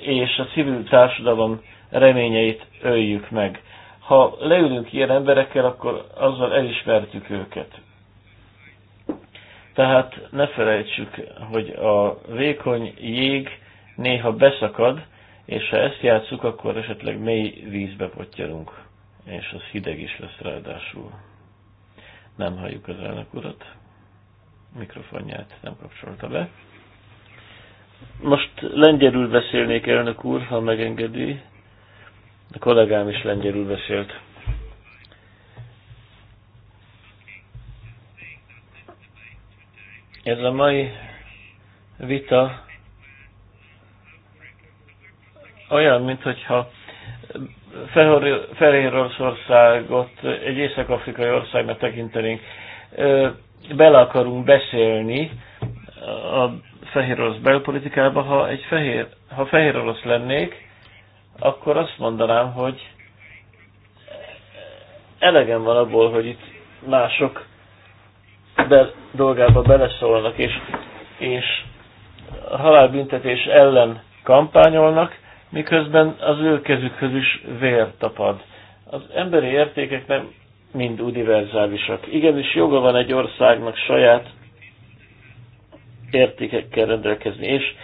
és a civil társadalom reményeit öljük meg. Ha leülünk ilyen emberekkel, akkor azzal elismertük őket. Tehát ne felejtsük, hogy a vékony jég néha beszakad, és ha ezt játsszuk, akkor esetleg mély vízbe potyarunk, és az hideg is lesz ráadásul. Nem halljuk az elnök urat. Mikrofonját nem kapcsolta be. Most lengyelül beszélnék, elnök úr, ha megengedi. A kollégám is lengyelül beszélt. Ez a mai vita olyan, mintha Fehér egy észak-afrikai országnak tekintenénk. Bele akarunk beszélni a fehér orosz belpolitikába. Ha, egy fehér, ha fehér orosz lennék, akkor azt mondanám, hogy elegem van abból, hogy itt mások be, dolgába beleszólnak, és, és a halálbüntetés ellen kampányolnak, miközben az ő kezükhöz is vér tapad. Az emberi értékek nem mind univerzálisak. Igenis joga van egy országnak saját értékekkel rendelkezni, és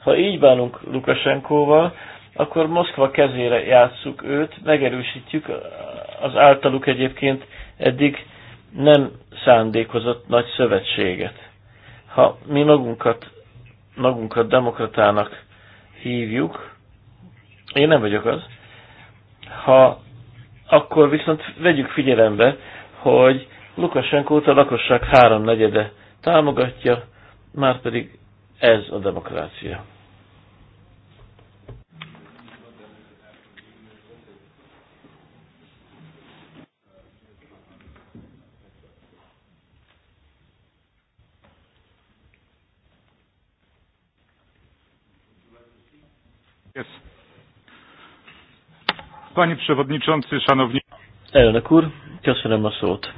ha így bánunk Lukasenkóval, akkor Moszkva kezére játsszuk őt, megerősítjük az általuk egyébként eddig nem szándékozott nagy szövetséget. Ha mi magunkat, magunkat demokratának hívjuk, én nem vagyok az, ha akkor viszont vegyük figyelembe, hogy Lukasenkót a lakosság háromnegyede támogatja, már pedig ez a demokrácia. Panie Przewodniczący, Szanowni... Elnök úr, köszönöm a szót.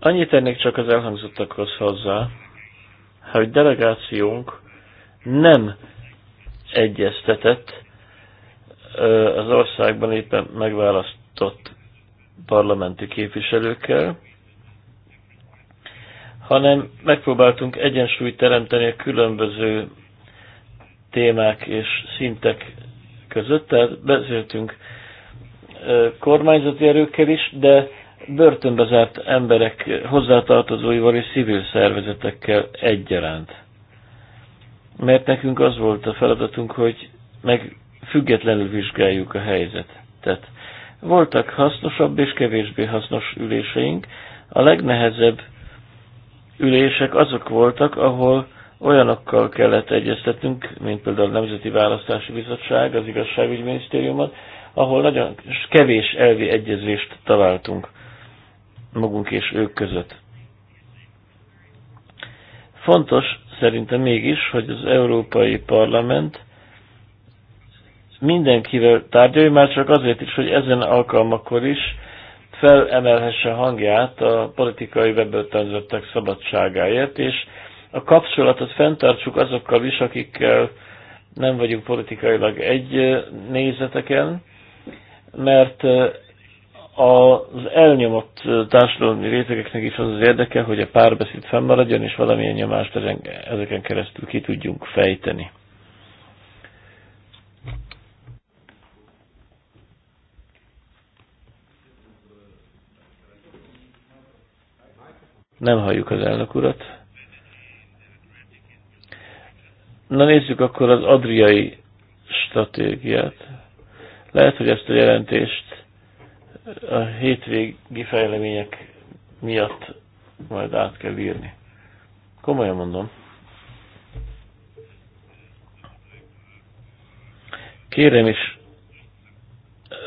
Annyit tennék csak az elhangzottakhoz hozzá, hogy delegációnk nem egyeztetett az országban éppen megválasztott parlamenti képviselőkkel, hanem megpróbáltunk egyensúlyt teremteni a különböző témák és szintek között, tehát beszéltünk kormányzati erőkkel is, de börtönbe zárt emberek hozzátartozóival és civil szervezetekkel egyaránt. Mert nekünk az volt a feladatunk, hogy meg függetlenül vizsgáljuk a helyzetet. Voltak hasznosabb és kevésbé hasznos üléseink. A legnehezebb ülések azok voltak, ahol olyanokkal kellett egyeztetnünk, mint például a Nemzeti Választási Bizottság, az Igazságügyi Minisztériumot, ahol nagyon kevés elvi egyezést találtunk magunk és ők között. Fontos szerintem mégis, hogy az Európai Parlament mindenkivel tárgyalja, már csak azért is, hogy ezen alkalmakor is felemelhesse hangját a politikai webörtönzöttek szabadságáért, és a kapcsolatot fenntartsuk azokkal is, akikkel nem vagyunk politikailag egy nézeteken, mert az elnyomott társadalmi rétegeknek is az az érdeke, hogy a párbeszéd fennmaradjon, és valamilyen nyomást ezeken keresztül ki tudjunk fejteni. Nem halljuk az elnök urat. Na nézzük akkor az adriai stratégiát. Lehet, hogy ezt a jelentést a hétvégi fejlemények miatt majd át kell írni. Komolyan mondom. Kérem is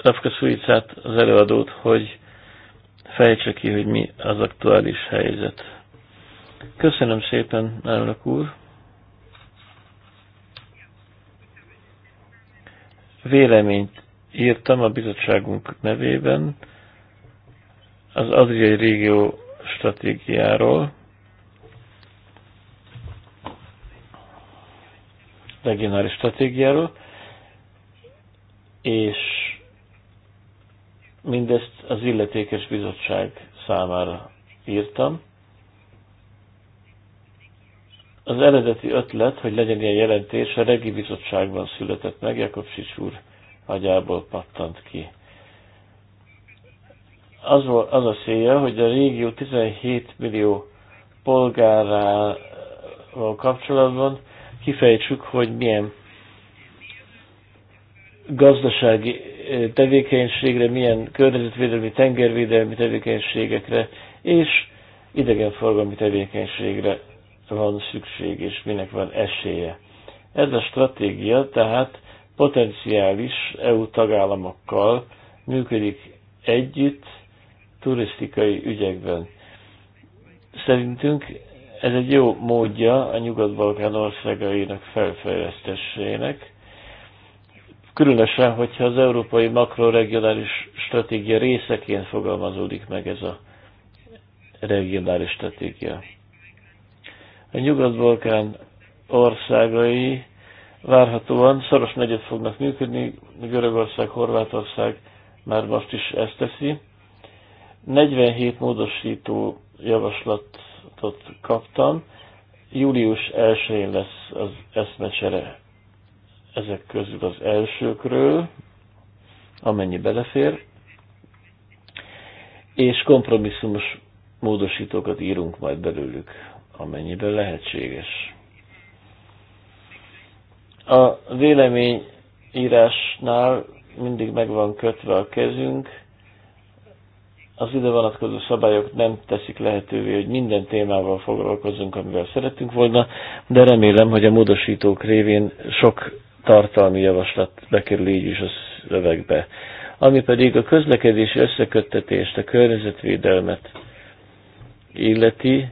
Rafka Szuicát, az előadót, hogy fejtse ki, hogy mi az aktuális helyzet. Köszönöm szépen, elnök úr! Véleményt írtam a bizottságunk nevében az Adriai Régió stratégiáról. regionális stratégiáról, és mindezt az illetékes bizottság számára írtam. Az eredeti ötlet, hogy legyen ilyen jelentés, a Regi Bizottságban született meg, Sics úr agyából pattant ki. Az, volt, az a célja, hogy a régió 17 millió polgárával kapcsolatban kifejtsük, hogy milyen gazdasági eh, tevékenységre, milyen környezetvédelmi, tengervédelmi tevékenységekre és idegenforgalmi tevékenységre van szükség, és minek van esélye. Ez a stratégia tehát potenciális EU tagállamokkal működik együtt turisztikai ügyekben. Szerintünk ez egy jó módja a Nyugat-Balkán országainak felfejlesztésének, különösen, hogyha az európai makroregionális stratégia részeként fogalmazódik meg ez a regionális stratégia. A Nyugat-Balkán országai várhatóan szoros negyed fognak működni, Görögország, Horvátország már most is ezt teszi. 47 módosító javaslatot kaptam, július 1-én lesz az eszmecsere ezek közül az elsőkről, amennyi belefér, és kompromisszumos módosítókat írunk majd belőlük amennyire lehetséges. A véleményírásnál mindig meg van kötve a kezünk, az ide vonatkozó szabályok nem teszik lehetővé, hogy minden témával foglalkozzunk, amivel szeretünk volna, de remélem, hogy a módosítók révén sok tartalmi javaslat bekerül így is a szövegbe. Ami pedig a közlekedési összeköttetést, a környezetvédelmet illeti,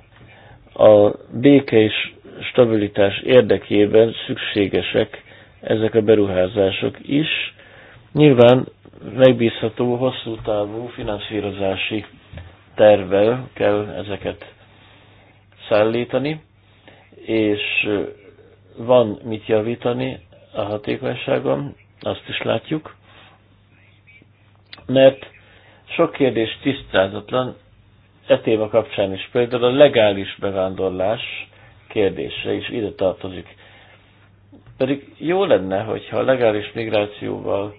a béke és stabilitás érdekében szükségesek ezek a beruházások is. Nyilván megbízható, hosszú távú finanszírozási tervvel kell ezeket szállítani, és van mit javítani a hatékonyságon, azt is látjuk, mert sok kérdés tisztázatlan, e téma kapcsán is. Például a legális bevándorlás kérdése is ide tartozik. Pedig jó lenne, hogyha a legális migrációval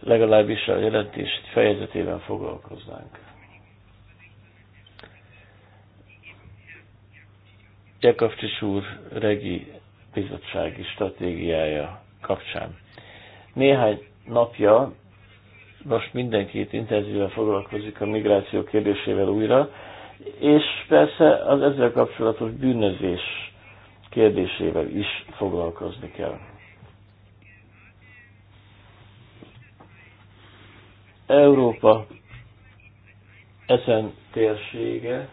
legalábbis a jelentés fejezetében foglalkoznánk. Jakabcsis úr regi bizottsági stratégiája kapcsán. Néhány napja most mindenkit intenzíven foglalkozik a migráció kérdésével újra, és persze az ezzel kapcsolatos bűnözés kérdésével is foglalkozni kell. Európa ezen térsége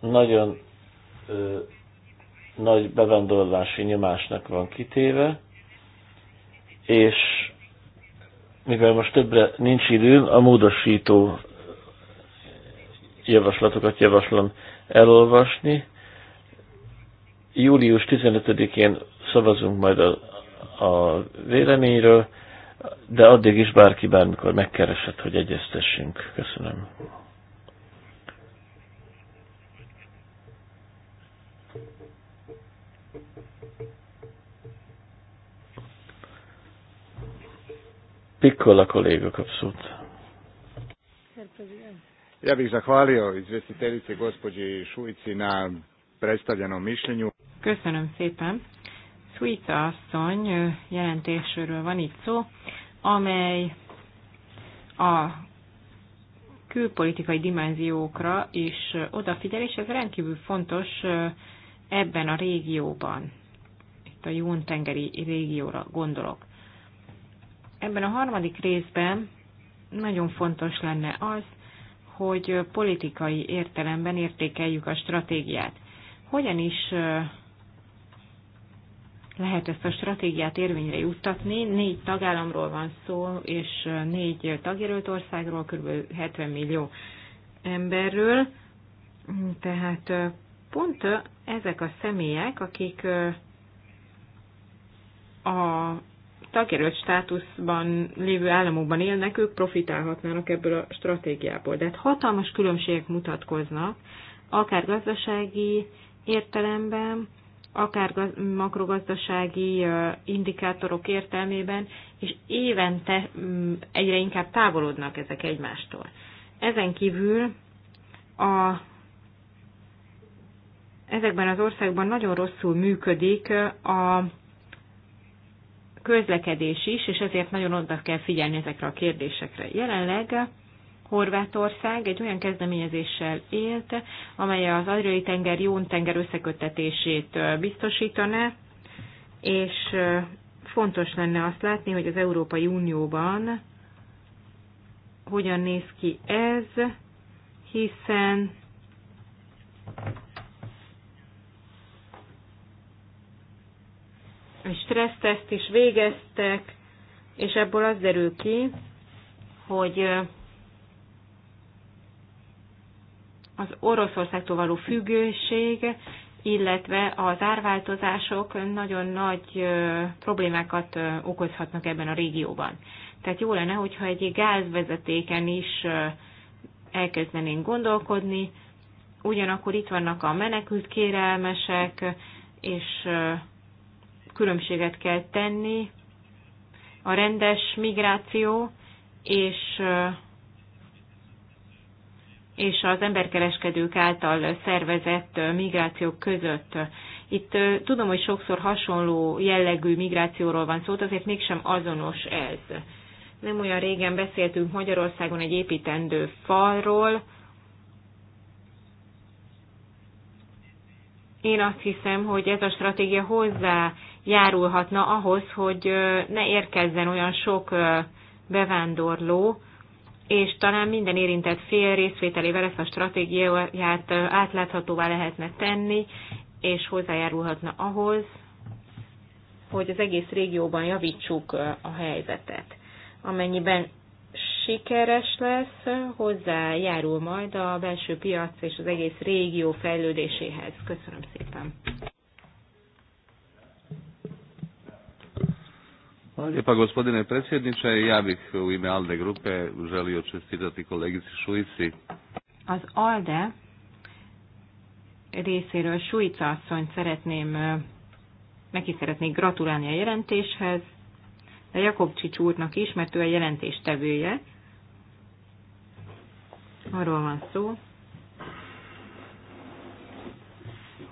nagyon ö, nagy bevándorlási nyomásnak van kitéve, és mivel most többre nincs időm, a módosító javaslatokat javaslom elolvasni. Július 15-én szavazunk majd a, a véleményről, de addig is bárki bármikor megkeresett, hogy egyeztessünk. Köszönöm. Piccola collega kap Ja bih zahvalio izvjestiteljice gospođi Šuici na predstavljenom mišljenju. Köszönöm szépen. Suica asszony jelentésről van itt szó, amely a külpolitikai dimenziókra is odafigyel, és ez rendkívül fontos ebben a régióban. Itt a Jón tengeri régióra gondolok. Ebben a harmadik részben nagyon fontos lenne az, hogy politikai értelemben értékeljük a stratégiát. Hogyan is lehet ezt a stratégiát érvényre juttatni. Négy tagállamról van szó, és négy tagjelölt országról, kb. 70 millió emberről. Tehát pont ezek a személyek, akik a tagjelölt státuszban lévő államokban élnek, ők profitálhatnának ebből a stratégiából. De hát hatalmas különbségek mutatkoznak, akár gazdasági értelemben, akár gaz- makrogazdasági indikátorok értelmében, és évente mm, egyre inkább távolodnak ezek egymástól. Ezen kívül a, ezekben az országban nagyon rosszul működik a közlekedés is, és ezért nagyon oda kell figyelni ezekre a kérdésekre. Jelenleg Horvátország egy olyan kezdeményezéssel élt, amely az Adriai tenger Jón tenger összeköttetését biztosítaná, és fontos lenne azt látni, hogy az Európai Unióban hogyan néz ki ez, hiszen stresszteszt is végeztek, és ebből az derül ki, hogy az Oroszországtól való függőség, illetve az árváltozások nagyon nagy problémákat okozhatnak ebben a régióban. Tehát jó lenne, hogyha egy gázvezetéken is elkezdenénk gondolkodni, ugyanakkor itt vannak a menekült kérelmesek, és különbséget kell tenni a rendes migráció és, és az emberkereskedők által szervezett migrációk között. Itt tudom, hogy sokszor hasonló jellegű migrációról van szó, azért mégsem azonos ez. Nem olyan régen beszéltünk Magyarországon egy építendő falról. Én azt hiszem, hogy ez a stratégia hozzá járulhatna ahhoz, hogy ne érkezzen olyan sok bevándorló, és talán minden érintett fél részvételével ezt a stratégiáját átláthatóvá lehetne tenni, és hozzájárulhatna ahhoz, hogy az egész régióban javítsuk a helyzetet. Amennyiben sikeres lesz, hozzájárul majd a belső piac és az egész régió fejlődéséhez. Köszönöm szépen! Hvala lijepa gospodine predsjedniče. Ja bih u ime ALDE grupe želio čestitati kolegici Šujci. Az ALDE részéről Suica asszony szeretném, neki szeretnék gratulálni a jelentéshez, de Jakobcsics úrnak is, mert ő a jelentéstevője. Arról van szó,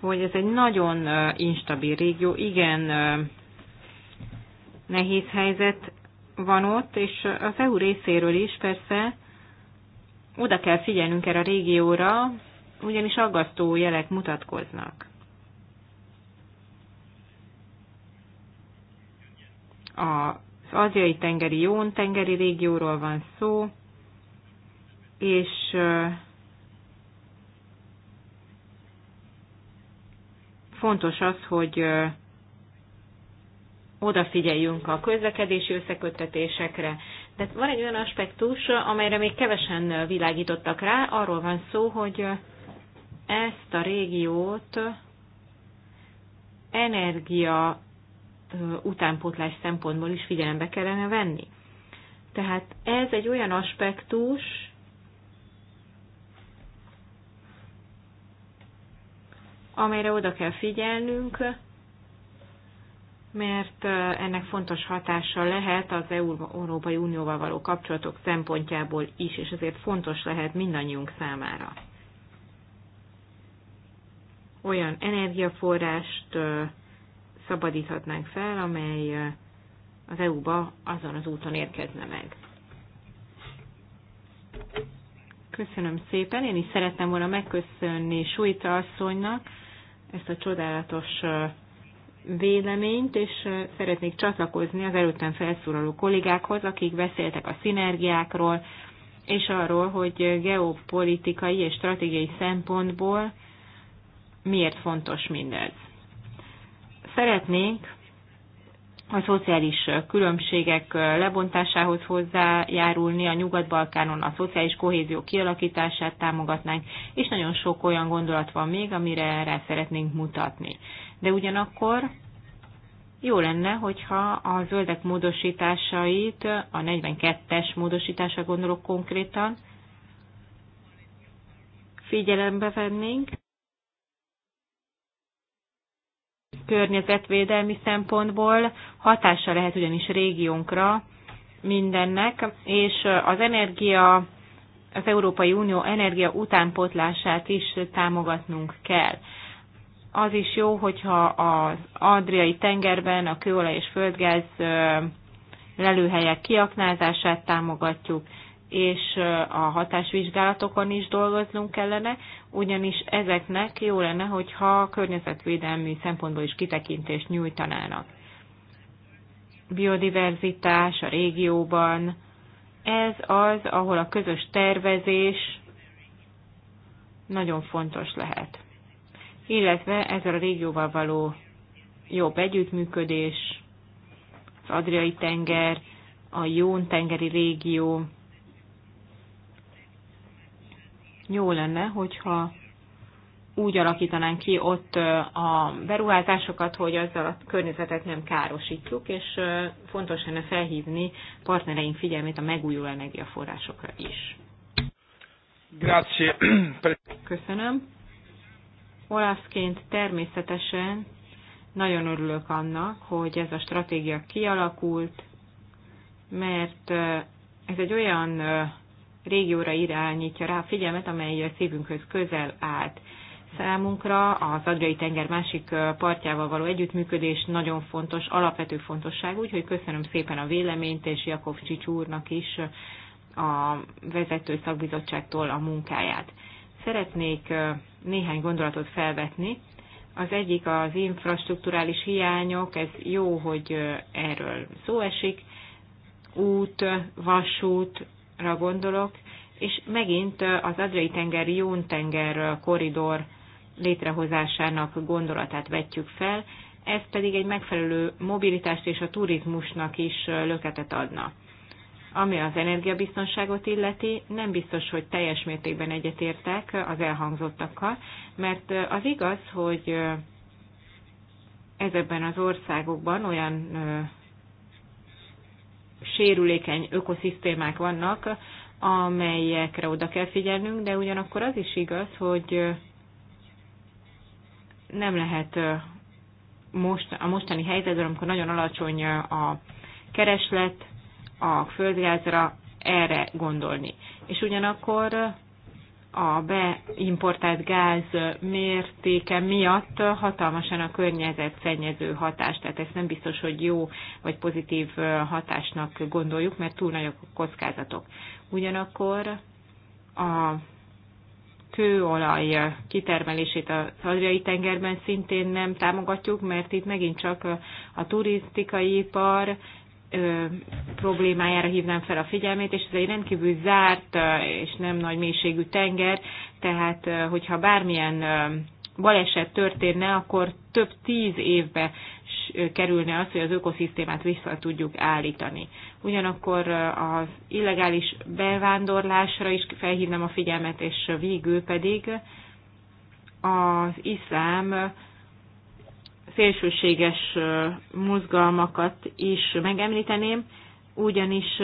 hogy ez egy nagyon instabil régió, igen nehéz helyzet van ott, és az EU részéről is persze oda kell figyelnünk erre a régióra, ugyanis aggasztó jelek mutatkoznak. Az aziai tengeri jón tengeri régióról van szó, és fontos az, hogy odafigyeljünk a közlekedési összeköttetésekre. De van egy olyan aspektus, amelyre még kevesen világítottak rá, arról van szó, hogy ezt a régiót energia utánpótlás szempontból is figyelembe kellene venni. Tehát ez egy olyan aspektus, amelyre oda kell figyelnünk, mert ennek fontos hatása lehet az e Európai Unióval való kapcsolatok szempontjából is, és ezért fontos lehet mindannyiunk számára. Olyan energiaforrást szabadíthatnánk fel, amely az EU-ba azon az úton érkezne meg. Köszönöm szépen. Én is szeretném volna megköszönni Sújta asszonynak ezt a csodálatos véleményt, és szeretnék csatlakozni az előttem felszólaló kollégákhoz, akik beszéltek a szinergiákról, és arról, hogy geopolitikai és stratégiai szempontból miért fontos mindez. Szeretnénk a szociális különbségek lebontásához hozzájárulni, a Nyugat-Balkánon a szociális kohézió kialakítását támogatnánk, és nagyon sok olyan gondolat van még, amire rá szeretnénk mutatni de ugyanakkor jó lenne, hogyha a zöldek módosításait, a 42-es módosításra gondolok konkrétan, figyelembe vennénk. Környezetvédelmi szempontból hatása lehet ugyanis régiónkra mindennek, és az energia, az Európai Unió energia utánpotlását is támogatnunk kell az is jó, hogyha az Adriai tengerben a kőolaj és földgáz lelőhelyek kiaknázását támogatjuk, és a hatásvizsgálatokon is dolgoznunk kellene, ugyanis ezeknek jó lenne, hogyha környezetvédelmi szempontból is kitekintést nyújtanának. Biodiverzitás a régióban, ez az, ahol a közös tervezés nagyon fontos lehet illetve ezzel a régióval való jobb együttműködés, az Adriai tenger, a Jón tengeri régió. Jó lenne, hogyha úgy alakítanánk ki ott a beruházásokat, hogy azzal a környezetet nem károsítjuk, és fontos lenne felhívni partnereink figyelmét a megújuló energiaforrásokra is. Grazie. Köszönöm. Olaszként természetesen nagyon örülök annak, hogy ez a stratégia kialakult, mert ez egy olyan régióra irányítja rá a figyelmet, amely a szívünkhöz közel állt. Számunkra az Adriai tenger másik partjával való együttműködés nagyon fontos, alapvető fontosság, úgyhogy köszönöm szépen a véleményt, és Jakov Csics úrnak is a vezető szakbizottságtól a munkáját. Szeretnék néhány gondolatot felvetni. Az egyik az infrastruktúrális hiányok, ez jó, hogy erről szó esik, út, vasútra gondolok, és megint az Adriai tenger, Jón tenger korridor létrehozásának gondolatát vetjük fel, ez pedig egy megfelelő mobilitást és a turizmusnak is löketet adna. Ami az energiabiztonságot illeti, nem biztos, hogy teljes mértékben egyetértek az elhangzottakkal, mert az igaz, hogy ezekben az országokban olyan sérülékeny ökoszisztémák vannak, amelyekre oda kell figyelnünk, de ugyanakkor az is igaz, hogy nem lehet most, a mostani helyzetben, amikor nagyon alacsony a kereslet, a földgázra erre gondolni. És ugyanakkor a beimportált gáz mértéke miatt hatalmasan a szennyező hatás. Tehát ezt nem biztos, hogy jó vagy pozitív hatásnak gondoljuk, mert túl nagyok a kockázatok. Ugyanakkor a kőolaj kitermelését az Adriai tengerben szintén nem támogatjuk, mert itt megint csak a turisztikai ipar ö, problémájára hívnám fel a figyelmét, és ez egy rendkívül zárt és nem nagy mélységű tenger, tehát hogyha bármilyen ö, baleset történne, akkor több tíz évbe kerülne az, hogy az ökoszisztémát vissza tudjuk állítani. Ugyanakkor az illegális bevándorlásra is felhívnám a figyelmet, és végül pedig az iszlám szélsőséges mozgalmakat is megemlíteném, ugyanis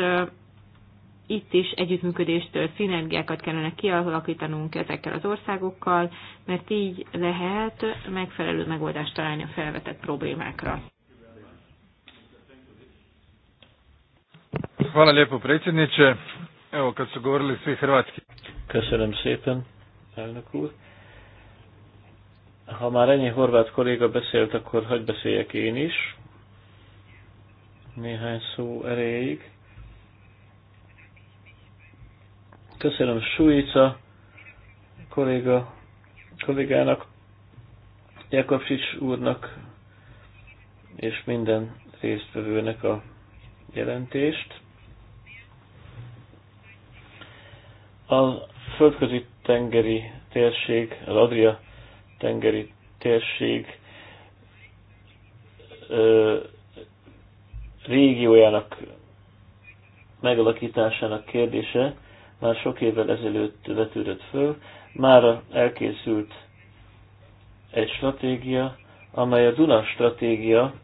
itt is együttműködést, szinergiákat kellene kialakítanunk ezekkel az országokkal, mert így lehet megfelelő megoldást találni a felvetett problémákra. Hvala lijepo predsjedniče. Evo kad su govorili svi hrvatski. Köszönöm szépen, elnök úr. Ha már ennyi horvát kolléga beszélt, akkor hagyj beszéljek én is. Néhány szó erejéig. Köszönöm Suica kolléga, kollégának, Jakobsics úrnak és minden résztvevőnek a jelentést. A földközi tengeri térség, az Adria tengeri térség ö, régiójának megalakításának kérdése már sok évvel ezelőtt vetődött föl. Mára elkészült egy stratégia, amely a Duna stratégia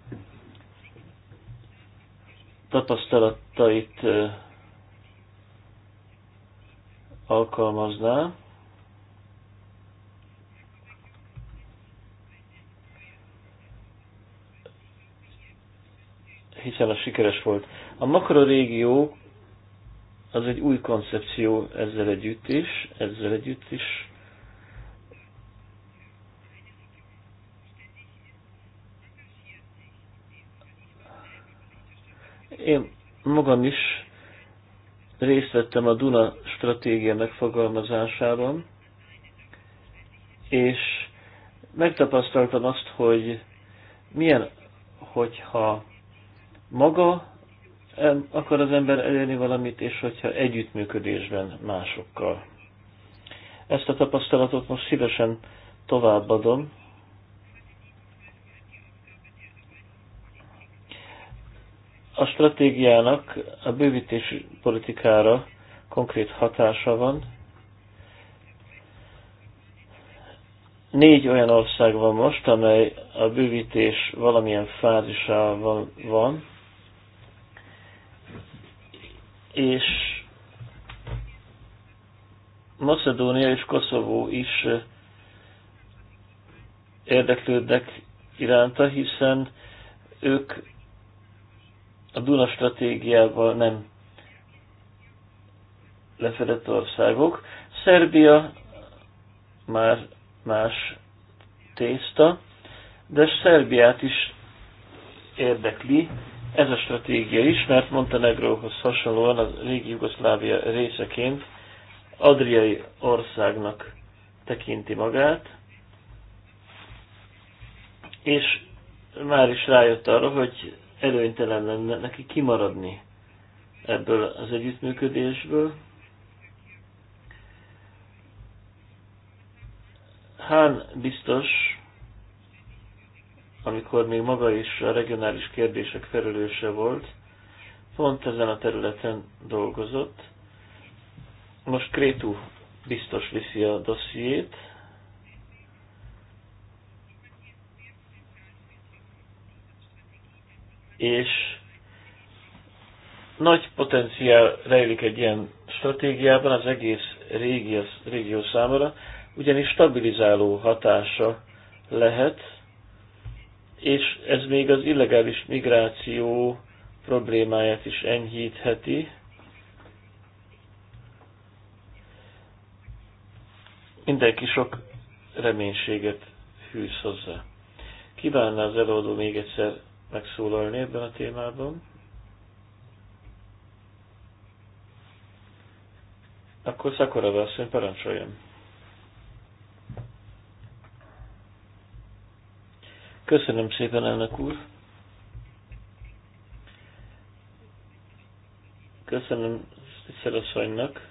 tapasztalatait alkalmazná, hiszen az sikeres volt. A makrorégió az egy új koncepció ezzel együtt is, ezzel együtt is. Én magam is részt vettem a Duna stratégia megfogalmazásában, és megtapasztaltam azt, hogy milyen, hogyha maga akar az ember elérni valamit, és hogyha együttműködésben másokkal. Ezt a tapasztalatot most szívesen továbbadom. A stratégiának a bővítési politikára konkrét hatása van. Négy olyan ország van most, amely a bővítés valamilyen fázisában van, és Macedónia és Koszovó is érdeklődnek iránta, hiszen ők a Duna stratégiával nem lefedett országok. Szerbia már más tészta, de Szerbiát is érdekli ez a stratégia is, mert Montenegróhoz hasonlóan a régi Jugoszlávia részeként adriai országnak tekinti magát, és már is rájött arra, hogy előnytelen lenne neki kimaradni ebből az együttműködésből. Hán biztos amikor még maga is a regionális kérdések felelőse volt, pont ezen a területen dolgozott. Most Krétu biztos viszi a dossziét, és nagy potenciál rejlik egy ilyen stratégiában az egész régió, régió számára, ugyanis stabilizáló hatása lehet és ez még az illegális migráció problémáját is enyhítheti. Mindenki sok reménységet hűz hozzá. Kívánná az előadó még egyszer megszólalni ebben a témában? Akkor Szakora asszony parancsoljon. Köszönöm szépen, elnök úr. Köszönöm Szeroszonynak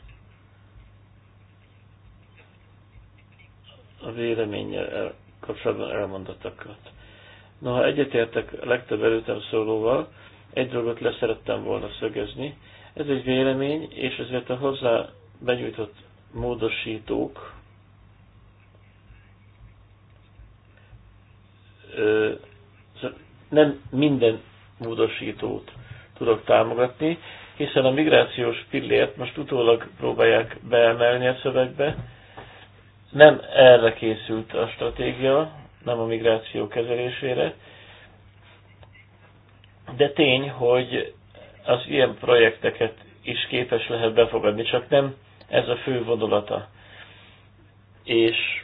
a véleménye kapcsolatban elmondottakat. Noha egyetértek a legtöbb előttem szólóval, egy dolgot leszerettem volna szögezni. Ez egy vélemény, és ezért a hozzá benyújtott módosítók Szóval nem minden módosítót tudok támogatni, hiszen a migrációs pillért most utólag próbálják beemelni a szövegbe. Nem erre készült a stratégia, nem a migráció kezelésére, de tény, hogy az ilyen projekteket is képes lehet befogadni, csak nem ez a fő vonulata. És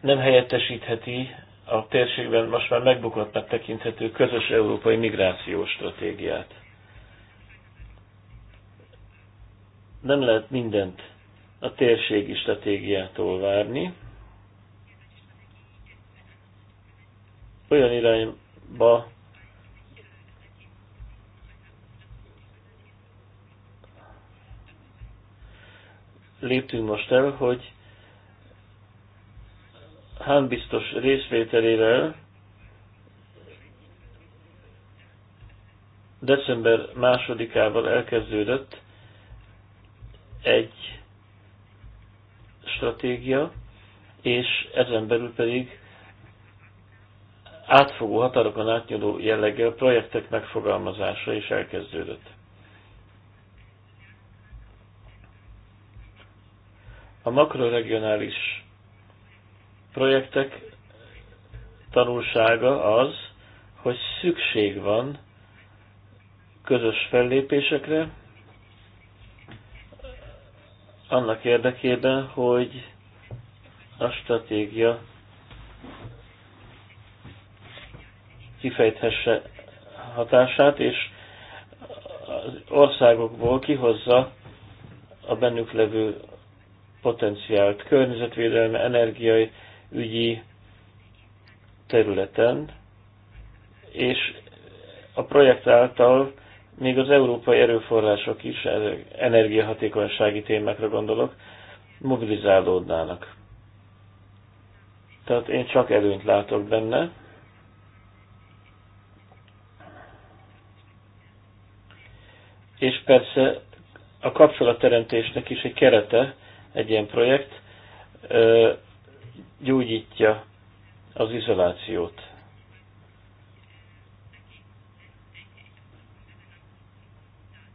nem helyettesítheti a térségben most már megbukottnak tekinthető közös európai migrációs stratégiát. Nem lehet mindent a térségi stratégiától várni. Olyan irányba léptünk most el, hogy Hán biztos részvételével december másodikával elkezdődött egy stratégia, és ezen belül pedig átfogó határokon átnyúló jelleggel projektek megfogalmazása is elkezdődött. A makroregionális projektek tanulsága az, hogy szükség van közös fellépésekre, annak érdekében, hogy a stratégia kifejthesse hatását, és az országokból kihozza a bennük levő potenciált környezetvédelme, energiai ügyi területen, és a projekt által még az európai erőforrások is, energiahatékonysági témákra gondolok, mobilizálódnának. Tehát én csak előnyt látok benne. És persze a kapcsolatteremtésnek is egy kerete, egy ilyen projekt, gyógyítja az izolációt.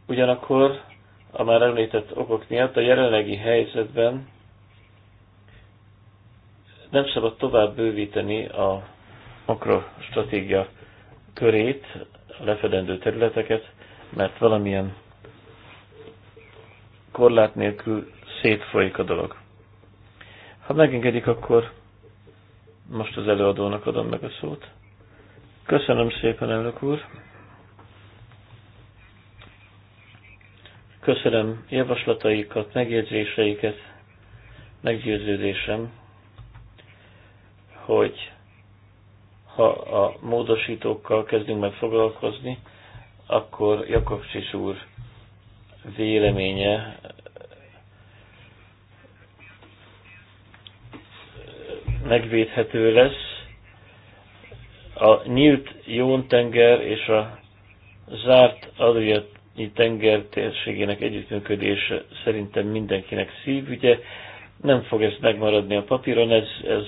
Ugyanakkor a már említett okok miatt a jelenlegi helyzetben nem szabad tovább bővíteni a makrostratégia körét, a lefedendő területeket, mert valamilyen korlát nélkül szétfolyik a dolog. Ha megengedik, akkor most az előadónak adom meg a szót. Köszönöm szépen, elnök úr! Köszönöm javaslataikat, megjegyzéseiket, meggyőződésem, hogy ha a módosítókkal kezdünk meg foglalkozni, akkor Jakobcsis úr véleménye megvédhető lesz. A nyílt Jóntenger és a zárt Adriai tenger térségének együttműködése szerintem mindenkinek szívügye. Nem fog ez megmaradni a papíron, ez, ez,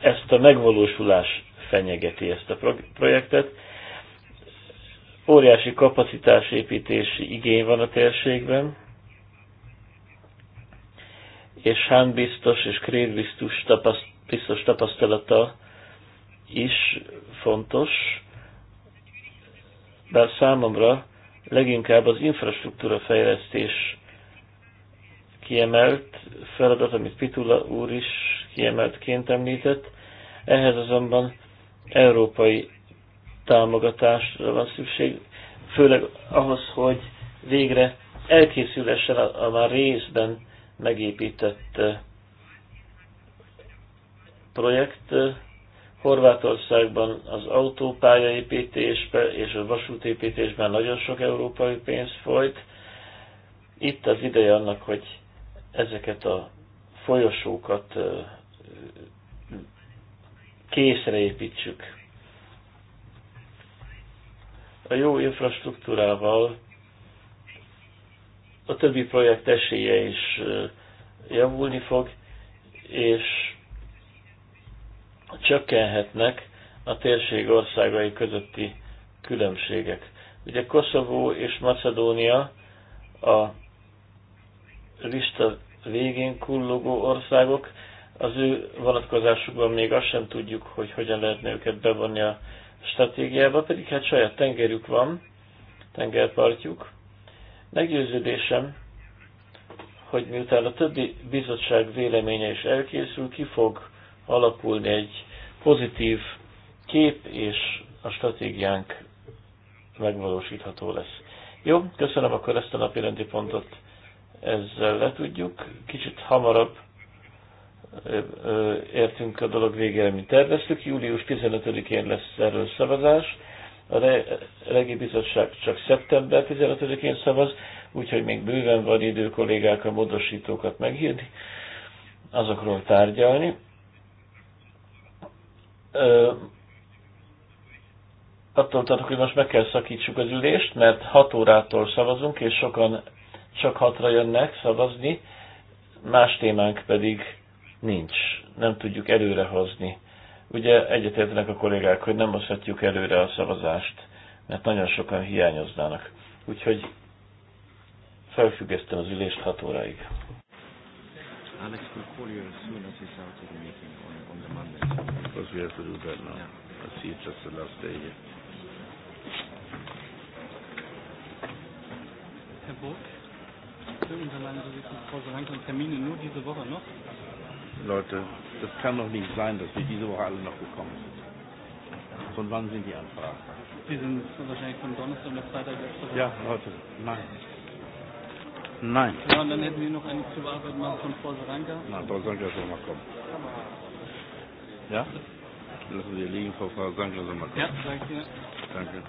ezt a megvalósulás fenyegeti ezt a projektet. Óriási kapacitásépítési igény van a térségben, és Hán biztos és Kréd biztos tapaszt biztos tapasztalata is fontos, bár számomra leginkább az infrastruktúra fejlesztés kiemelt feladat, amit Pitula úr is kiemeltként említett. Ehhez azonban európai támogatásra van szükség, főleg ahhoz, hogy végre elkészülhessen a, a már részben megépített eh, projekt. Horvátországban az autópályaépítésben és a vasútépítésben nagyon sok európai pénz folyt. Itt az ideje annak, hogy ezeket a folyosókat készre építsük. A jó infrastruktúrával a többi projekt esélye is javulni fog, és csökkenhetnek a térség országai közötti különbségek. Ugye Koszovó és Macedónia a lista végén kullogó országok, az ő vonatkozásukban még azt sem tudjuk, hogy hogyan lehetne őket bevonni a stratégiába, pedig hát saját tengerük van, tengerpartjuk. Meggyőződésem, hogy miután a többi bizottság véleménye is elkészül, ki fog alakulni egy pozitív kép és a stratégiánk megvalósítható lesz. Jó, köszönöm, akkor ezt a napi rendi pontot ezzel letudjuk. Kicsit hamarabb értünk a dolog végére, mint terveztük. Július 15-én lesz erről szavazás. A Regi Bizottság csak szeptember 15-én szavaz, úgyhogy még bőven van idő kollégák a módosítókat meghívni, azokról tárgyalni attól tartok, hogy most meg kell szakítsuk az ülést, mert 6 órától szavazunk, és sokan csak hatra jönnek szavazni, más témánk pedig nincs, nem tudjuk előrehozni. Ugye egyetértenek a kollégák, hogy nem hozhatjuk előre a szavazást, mert nagyon sokan hiányoznának. Úgyhogy felfüggesztem az ülést 6 óráig. Alex we'll call you as soon as he's out of the meeting on, on the Monday. Because we have to do that now. Yeah. I see it's just the last day here. Herr Burg, für Unterlagen, so wie so langsam Termine nur diese Woche noch? Leute, das kann doch nicht sein, dass wir diese Woche alle noch gekommen sind. Von wann sind die Anfragen? Die sind wahrscheinlich von Donnerstag und Freitag letzte Woche. Ja, Leute, nein. Nein. Ja, und dann hätten wir noch eine zu machen von Frau Nein, Na, Frau Saranka soll mal kommen. Ja? Lassen Sie liegen, Frau Frau Sanke. Ja, danke. Danke.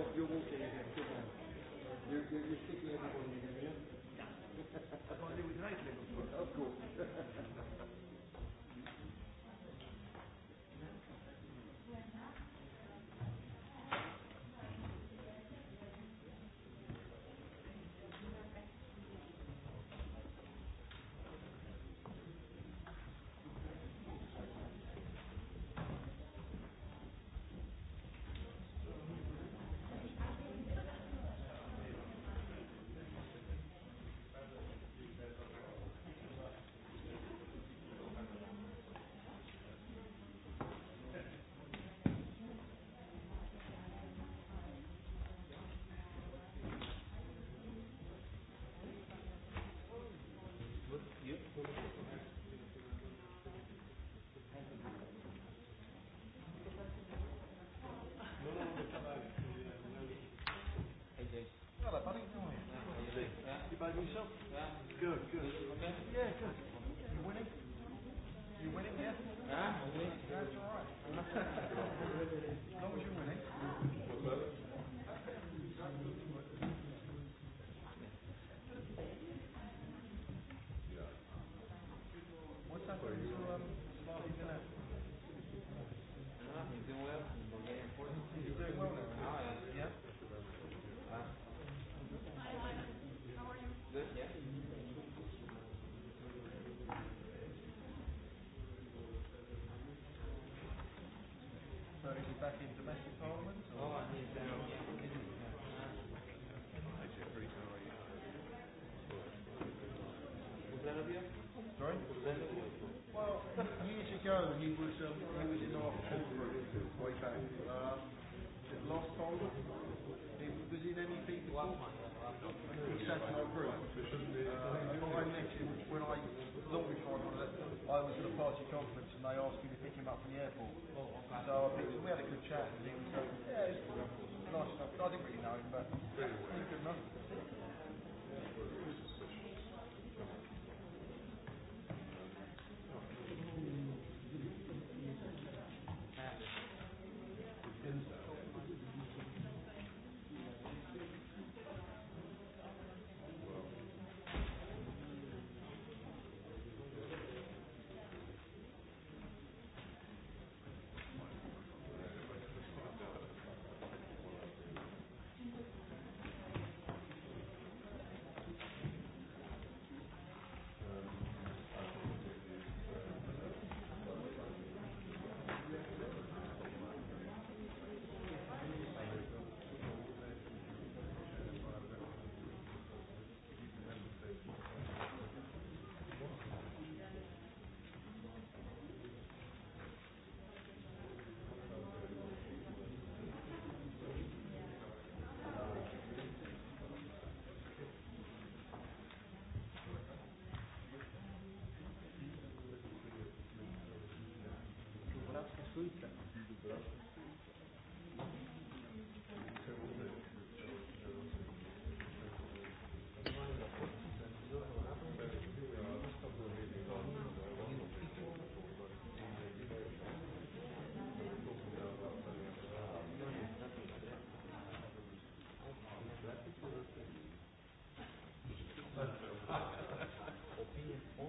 you're, you're walking in it. You're, you're, you're sticking everybody in it. Yeah. That's what I do with the night Of course. Good, good. Yeah, good. you. winning? winning? winning? You that's all right. How was up from the airport. So we had a good chat. Yeah, nice enough. I think opinion on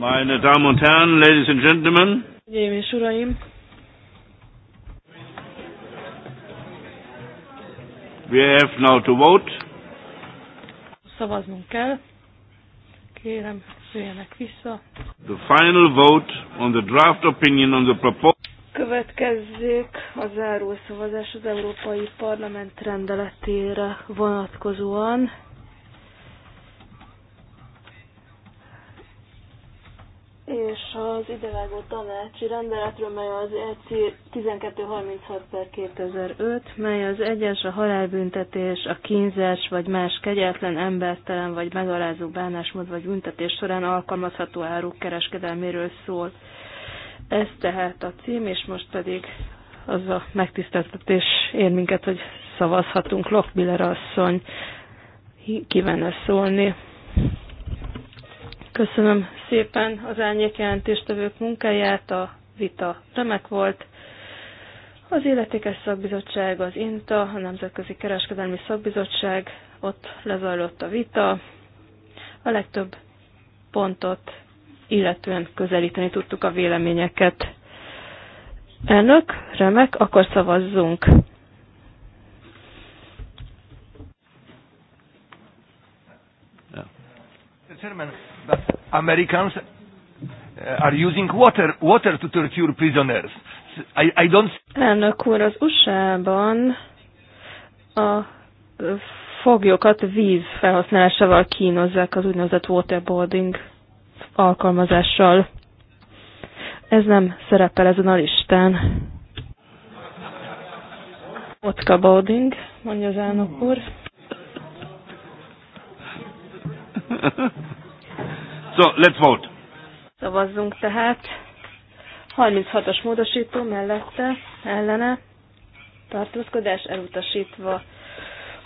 Meine Damen und Herren, Ladies and Gentlemen. We have now to vote. Szavaznunk kell. Kérem, jöjjenek vissza. The final vote on the draft opinion on the proposal. Következzék a záró szavazás az Európai Parlament rendeletére vonatkozóan. és az idevágó tanácsi rendeletről, mely az EC 1236 per 2005, mely az egyes a halálbüntetés, a kínzás vagy más kegyetlen, embertelen vagy megalázó bánásmód vagy büntetés során alkalmazható áruk kereskedelméről szól. Ez tehát a cím, és most pedig az a megtiszteltetés ér minket, hogy szavazhatunk. Lokbiller asszony kívánna szólni. Köszönöm szépen az jelentéstevők munkáját, a vita remek volt. Az Életékes Szakbizottság, az INTA, a Nemzetközi Kereskedelmi Szakbizottság, ott lezajlott a vita. A legtöbb pontot illetően közelíteni tudtuk a véleményeket. Elnök, remek, akkor szavazzunk. Yeah. Americans uh, are using water, water to torture prisoners. I, I don't... Elnök úr, az USA-ban a foglyokat víz felhasználásával kínozzák az úgynevezett waterboarding alkalmazással. Ez nem szerepel ezen a listán. Vodka boarding, mondja az elnök úr. So, let's vote. Szavazzunk tehát. 36 as módosító mellette, ellene, tartózkodás elutasítva.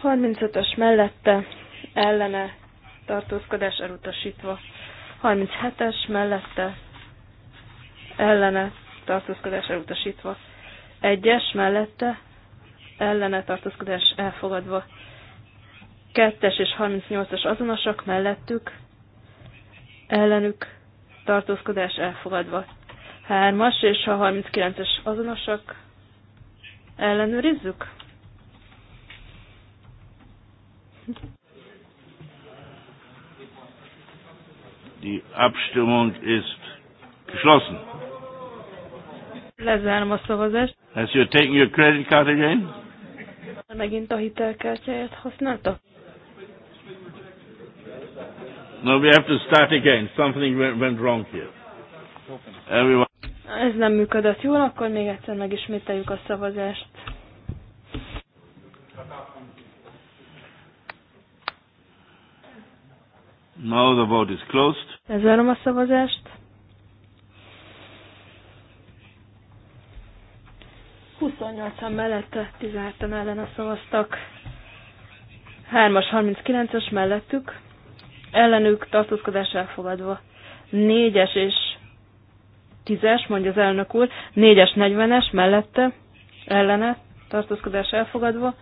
35-ös mellette, ellene, tartózkodás elutasítva. 37-es mellette, ellene, tartózkodás elutasítva. 1-es mellette, ellene, tartózkodás elfogadva. 2-es és 38-as azonosak mellettük, ellenük tartózkodás elfogadva. Hármas és a 39-es azonosak ellenőrizzük. Die Abstimmung ist geschlossen. Lezárom a szavazást. Has you taken your credit card again? Megint a hitelkártyáját használta? No, we have to start again. Something went, went wrong here. Everyone. Ez nem működött jól, akkor még egyszer megismételjük a szavazást. Now the vote is closed. Lezárom a szavazást. 28-an mellette, 17 ellen a szavaztak. 3-as, 39-es mellettük ellenük tartózkodás elfogadva. négyes és tízes mondja az elnök úr, négyes negyvenes mellette, ellene, tartózkodás elfogadva.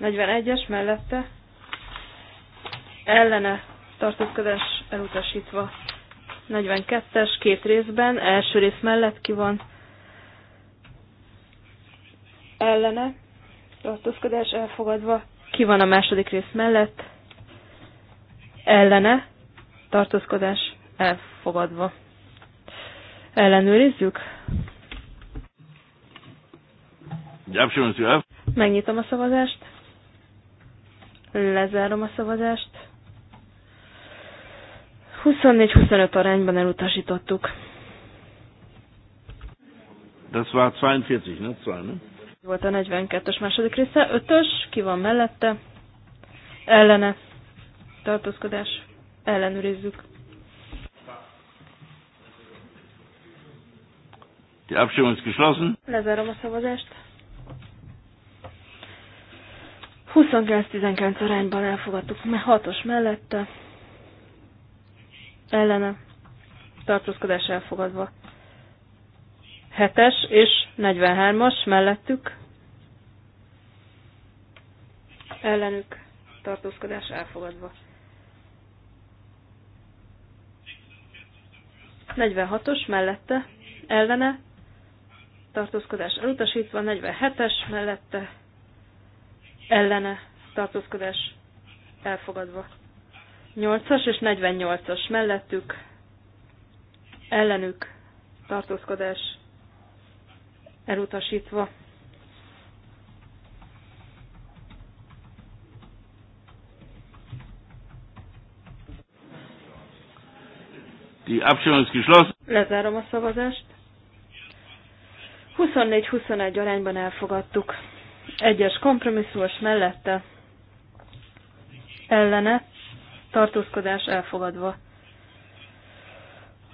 41-es mellette, ellene, tartózkodás elutasítva. 42-es, két részben, első rész mellett ki van, ellene, tartózkodás elfogadva, ki van a második rész mellett? Ellene. Tartózkodás elfogadva. Ellenőrizzük. Megnyitom a szavazást. Lezárom a szavazást. 24-25 arányban elutasítottuk. Das war 42, ne? 2, ne? volt a 42-es második része. Ötös, ki van mellette? Ellene. Tartózkodás. Ellenőrizzük. Die Abstimmung ist geschlossen. Lezárom a szavazást. 29-19 arányban elfogadtuk, mert 6 mellette. Ellene. Tartózkodás elfogadva. 7-es és 43-as mellettük ellenük tartózkodás elfogadva. 46-os mellette ellene tartózkodás elutasítva, 47-es mellette ellene tartózkodás elfogadva. 8-as és 48-as mellettük ellenük tartózkodás elutasítva. Die Abstimmung ist geschlossen. Lezárom a szavazást. 24-21 arányban elfogadtuk. Egyes kompromisszumos mellette. Ellene. Tartózkodás elfogadva.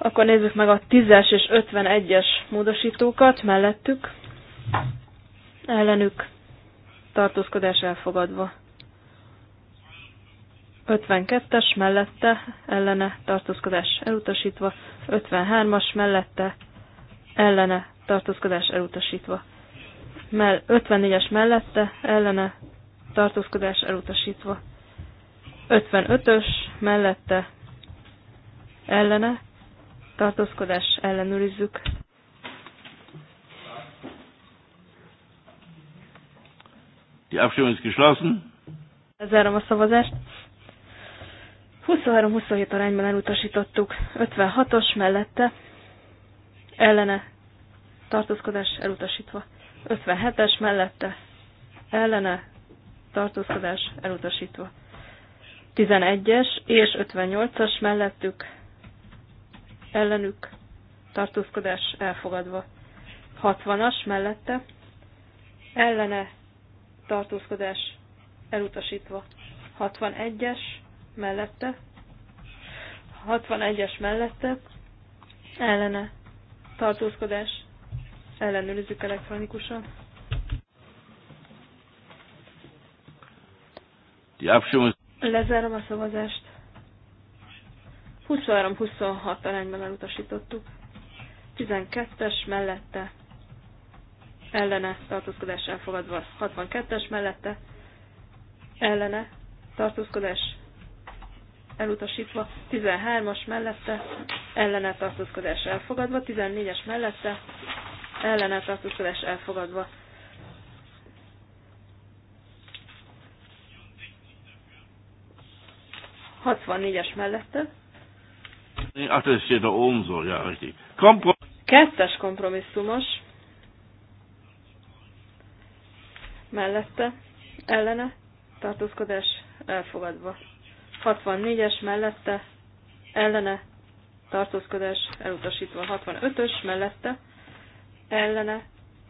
Akkor nézzük meg a 10-es és 51-es módosítókat mellettük. Ellenük tartózkodás elfogadva. 52-es mellette ellene tartózkodás elutasítva, 53-as mellette ellene tartózkodás elutasítva, 54-es mellette ellene tartózkodás elutasítva, 55-ös mellette ellene tartózkodás ellenőrizzük. Die Abstimmung ist geschlossen. Lezárom a szavazást. 23-27 arányban elutasítottuk. 56-os mellette ellene tartózkodás elutasítva. 57-es mellette ellene tartózkodás elutasítva. 11-es és 58-as mellettük ellenük tartózkodás elfogadva. 60-as mellette ellene tartózkodás elutasítva. 61-es mellette 61-es mellette ellene tartózkodás ellenőrizzük elektronikusan. Lezárom a szavazást. 23-26 arányban elutasítottuk. 12-es mellette ellene tartózkodás elfogadva. 62-es mellette ellene tartózkodás elutasítva, 13-as mellette ellene tartózkodás elfogadva, 14-es mellette ellene tartózkodás elfogadva. Hatvan négyes mellette Ach, hát das steht da oben so, ja, richtig. Komprom Kettes kompromisszumos. Mellette, ellene, tartózkodás elfogadva. 64-es mellette, ellene, tartózkodás elutasítva. 65-ös mellette, ellene,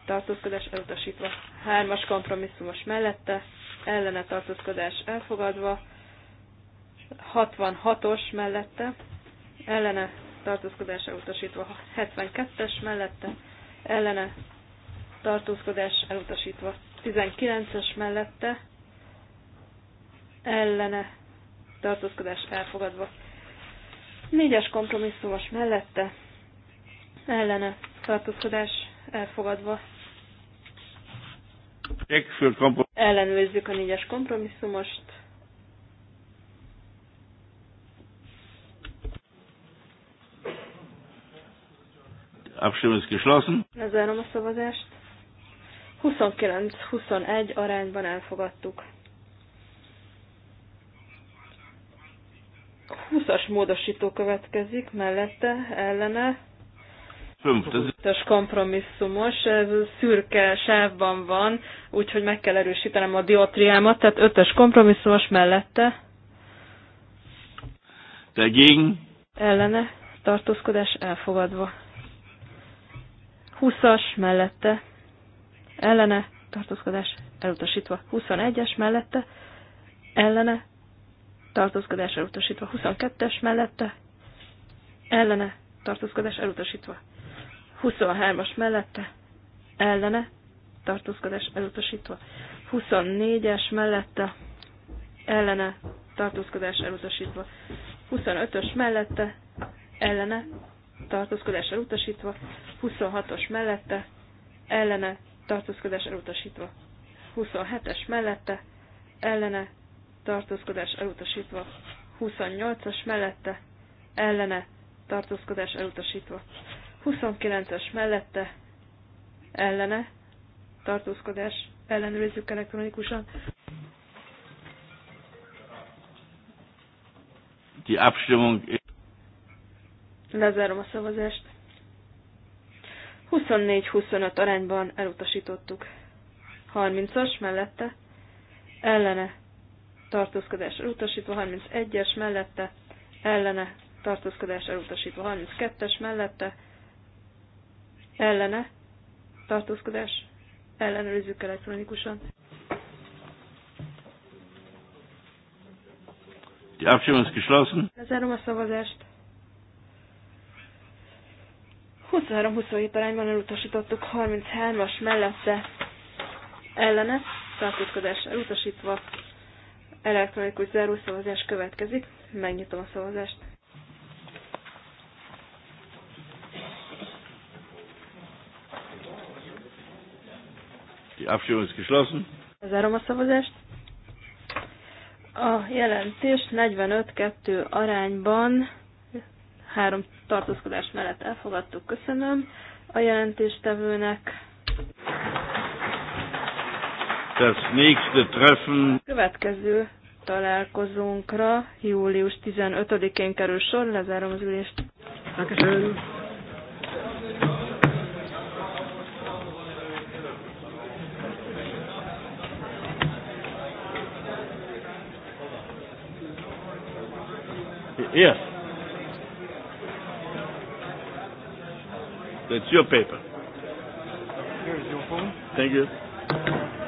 tartózkodás elutasítva. 3-as kompromisszumos mellette, ellene tartózkodás elfogadva. 66-os mellette, ellene tartózkodás elutasítva 72-es mellette, ellene tartózkodás elutasítva 19-es mellette, ellene tartózkodás elfogadva 4-es kompromisszumos mellette, ellene tartózkodás elfogadva ellenőrizzük a négyes kompromisszumost. Abstimmung ist geschlossen. Lezárom a szavazást. 29-21 arányban elfogadtuk. 20-as módosító következik, mellette, ellene. 5-ös kompromisszumos, ez szürke sávban van, úgyhogy meg kell erősítenem a diotriámat, tehát 5-ös kompromisszumos mellette. Dagegen. Ellene, tartózkodás elfogadva. 20-as mellette ellene tartózkodás elutasítva, 21-es mellette ellene tartózkodás elutasítva, 22-es mellette ellene tartózkodás elutasítva, 23-as mellette ellene tartózkodás elutasítva, 24-es mellette ellene tartózkodás elutasítva, 25-ös mellette ellene tartózkodás elutasítva, 26-os mellette, ellene tartózkodás elutasítva, 27-es mellette, ellene tartózkodás elutasítva, 28-as mellette, ellene tartózkodás elutasítva, 29-es mellette, ellene tartózkodás ellenőrizzük elektronikusan. Die Abstimmung Lezárom a szavazást. 24-25 arányban elutasítottuk. 30-as mellette, ellene tartózkodás elutasítva, 31-es mellette, ellene tartózkodás elutasítva, 32-es mellette, ellene tartózkodás ellenőrizzük elektronikusan. Die Abstimmung ist geschlossen. Lezárom a szavazást. 23-27 arányban elutasítottuk 33-as mellette ellene, tartózkodás elutasítva, elektronikus zárószavazás következik. Megnyitom a szavazást. Die Abstimmung ist geschlossen. Zárom a szavazást. A jelentés 45-2 arányban három tartózkodás mellett elfogadtuk. Köszönöm a jelentéstevőnek. Das nächste Treffen. Következő találkozónkra július 15-én kerül sor, lezárom az ülést. Köszönöm. Yes. It's your paper. Here's your phone. Thank you.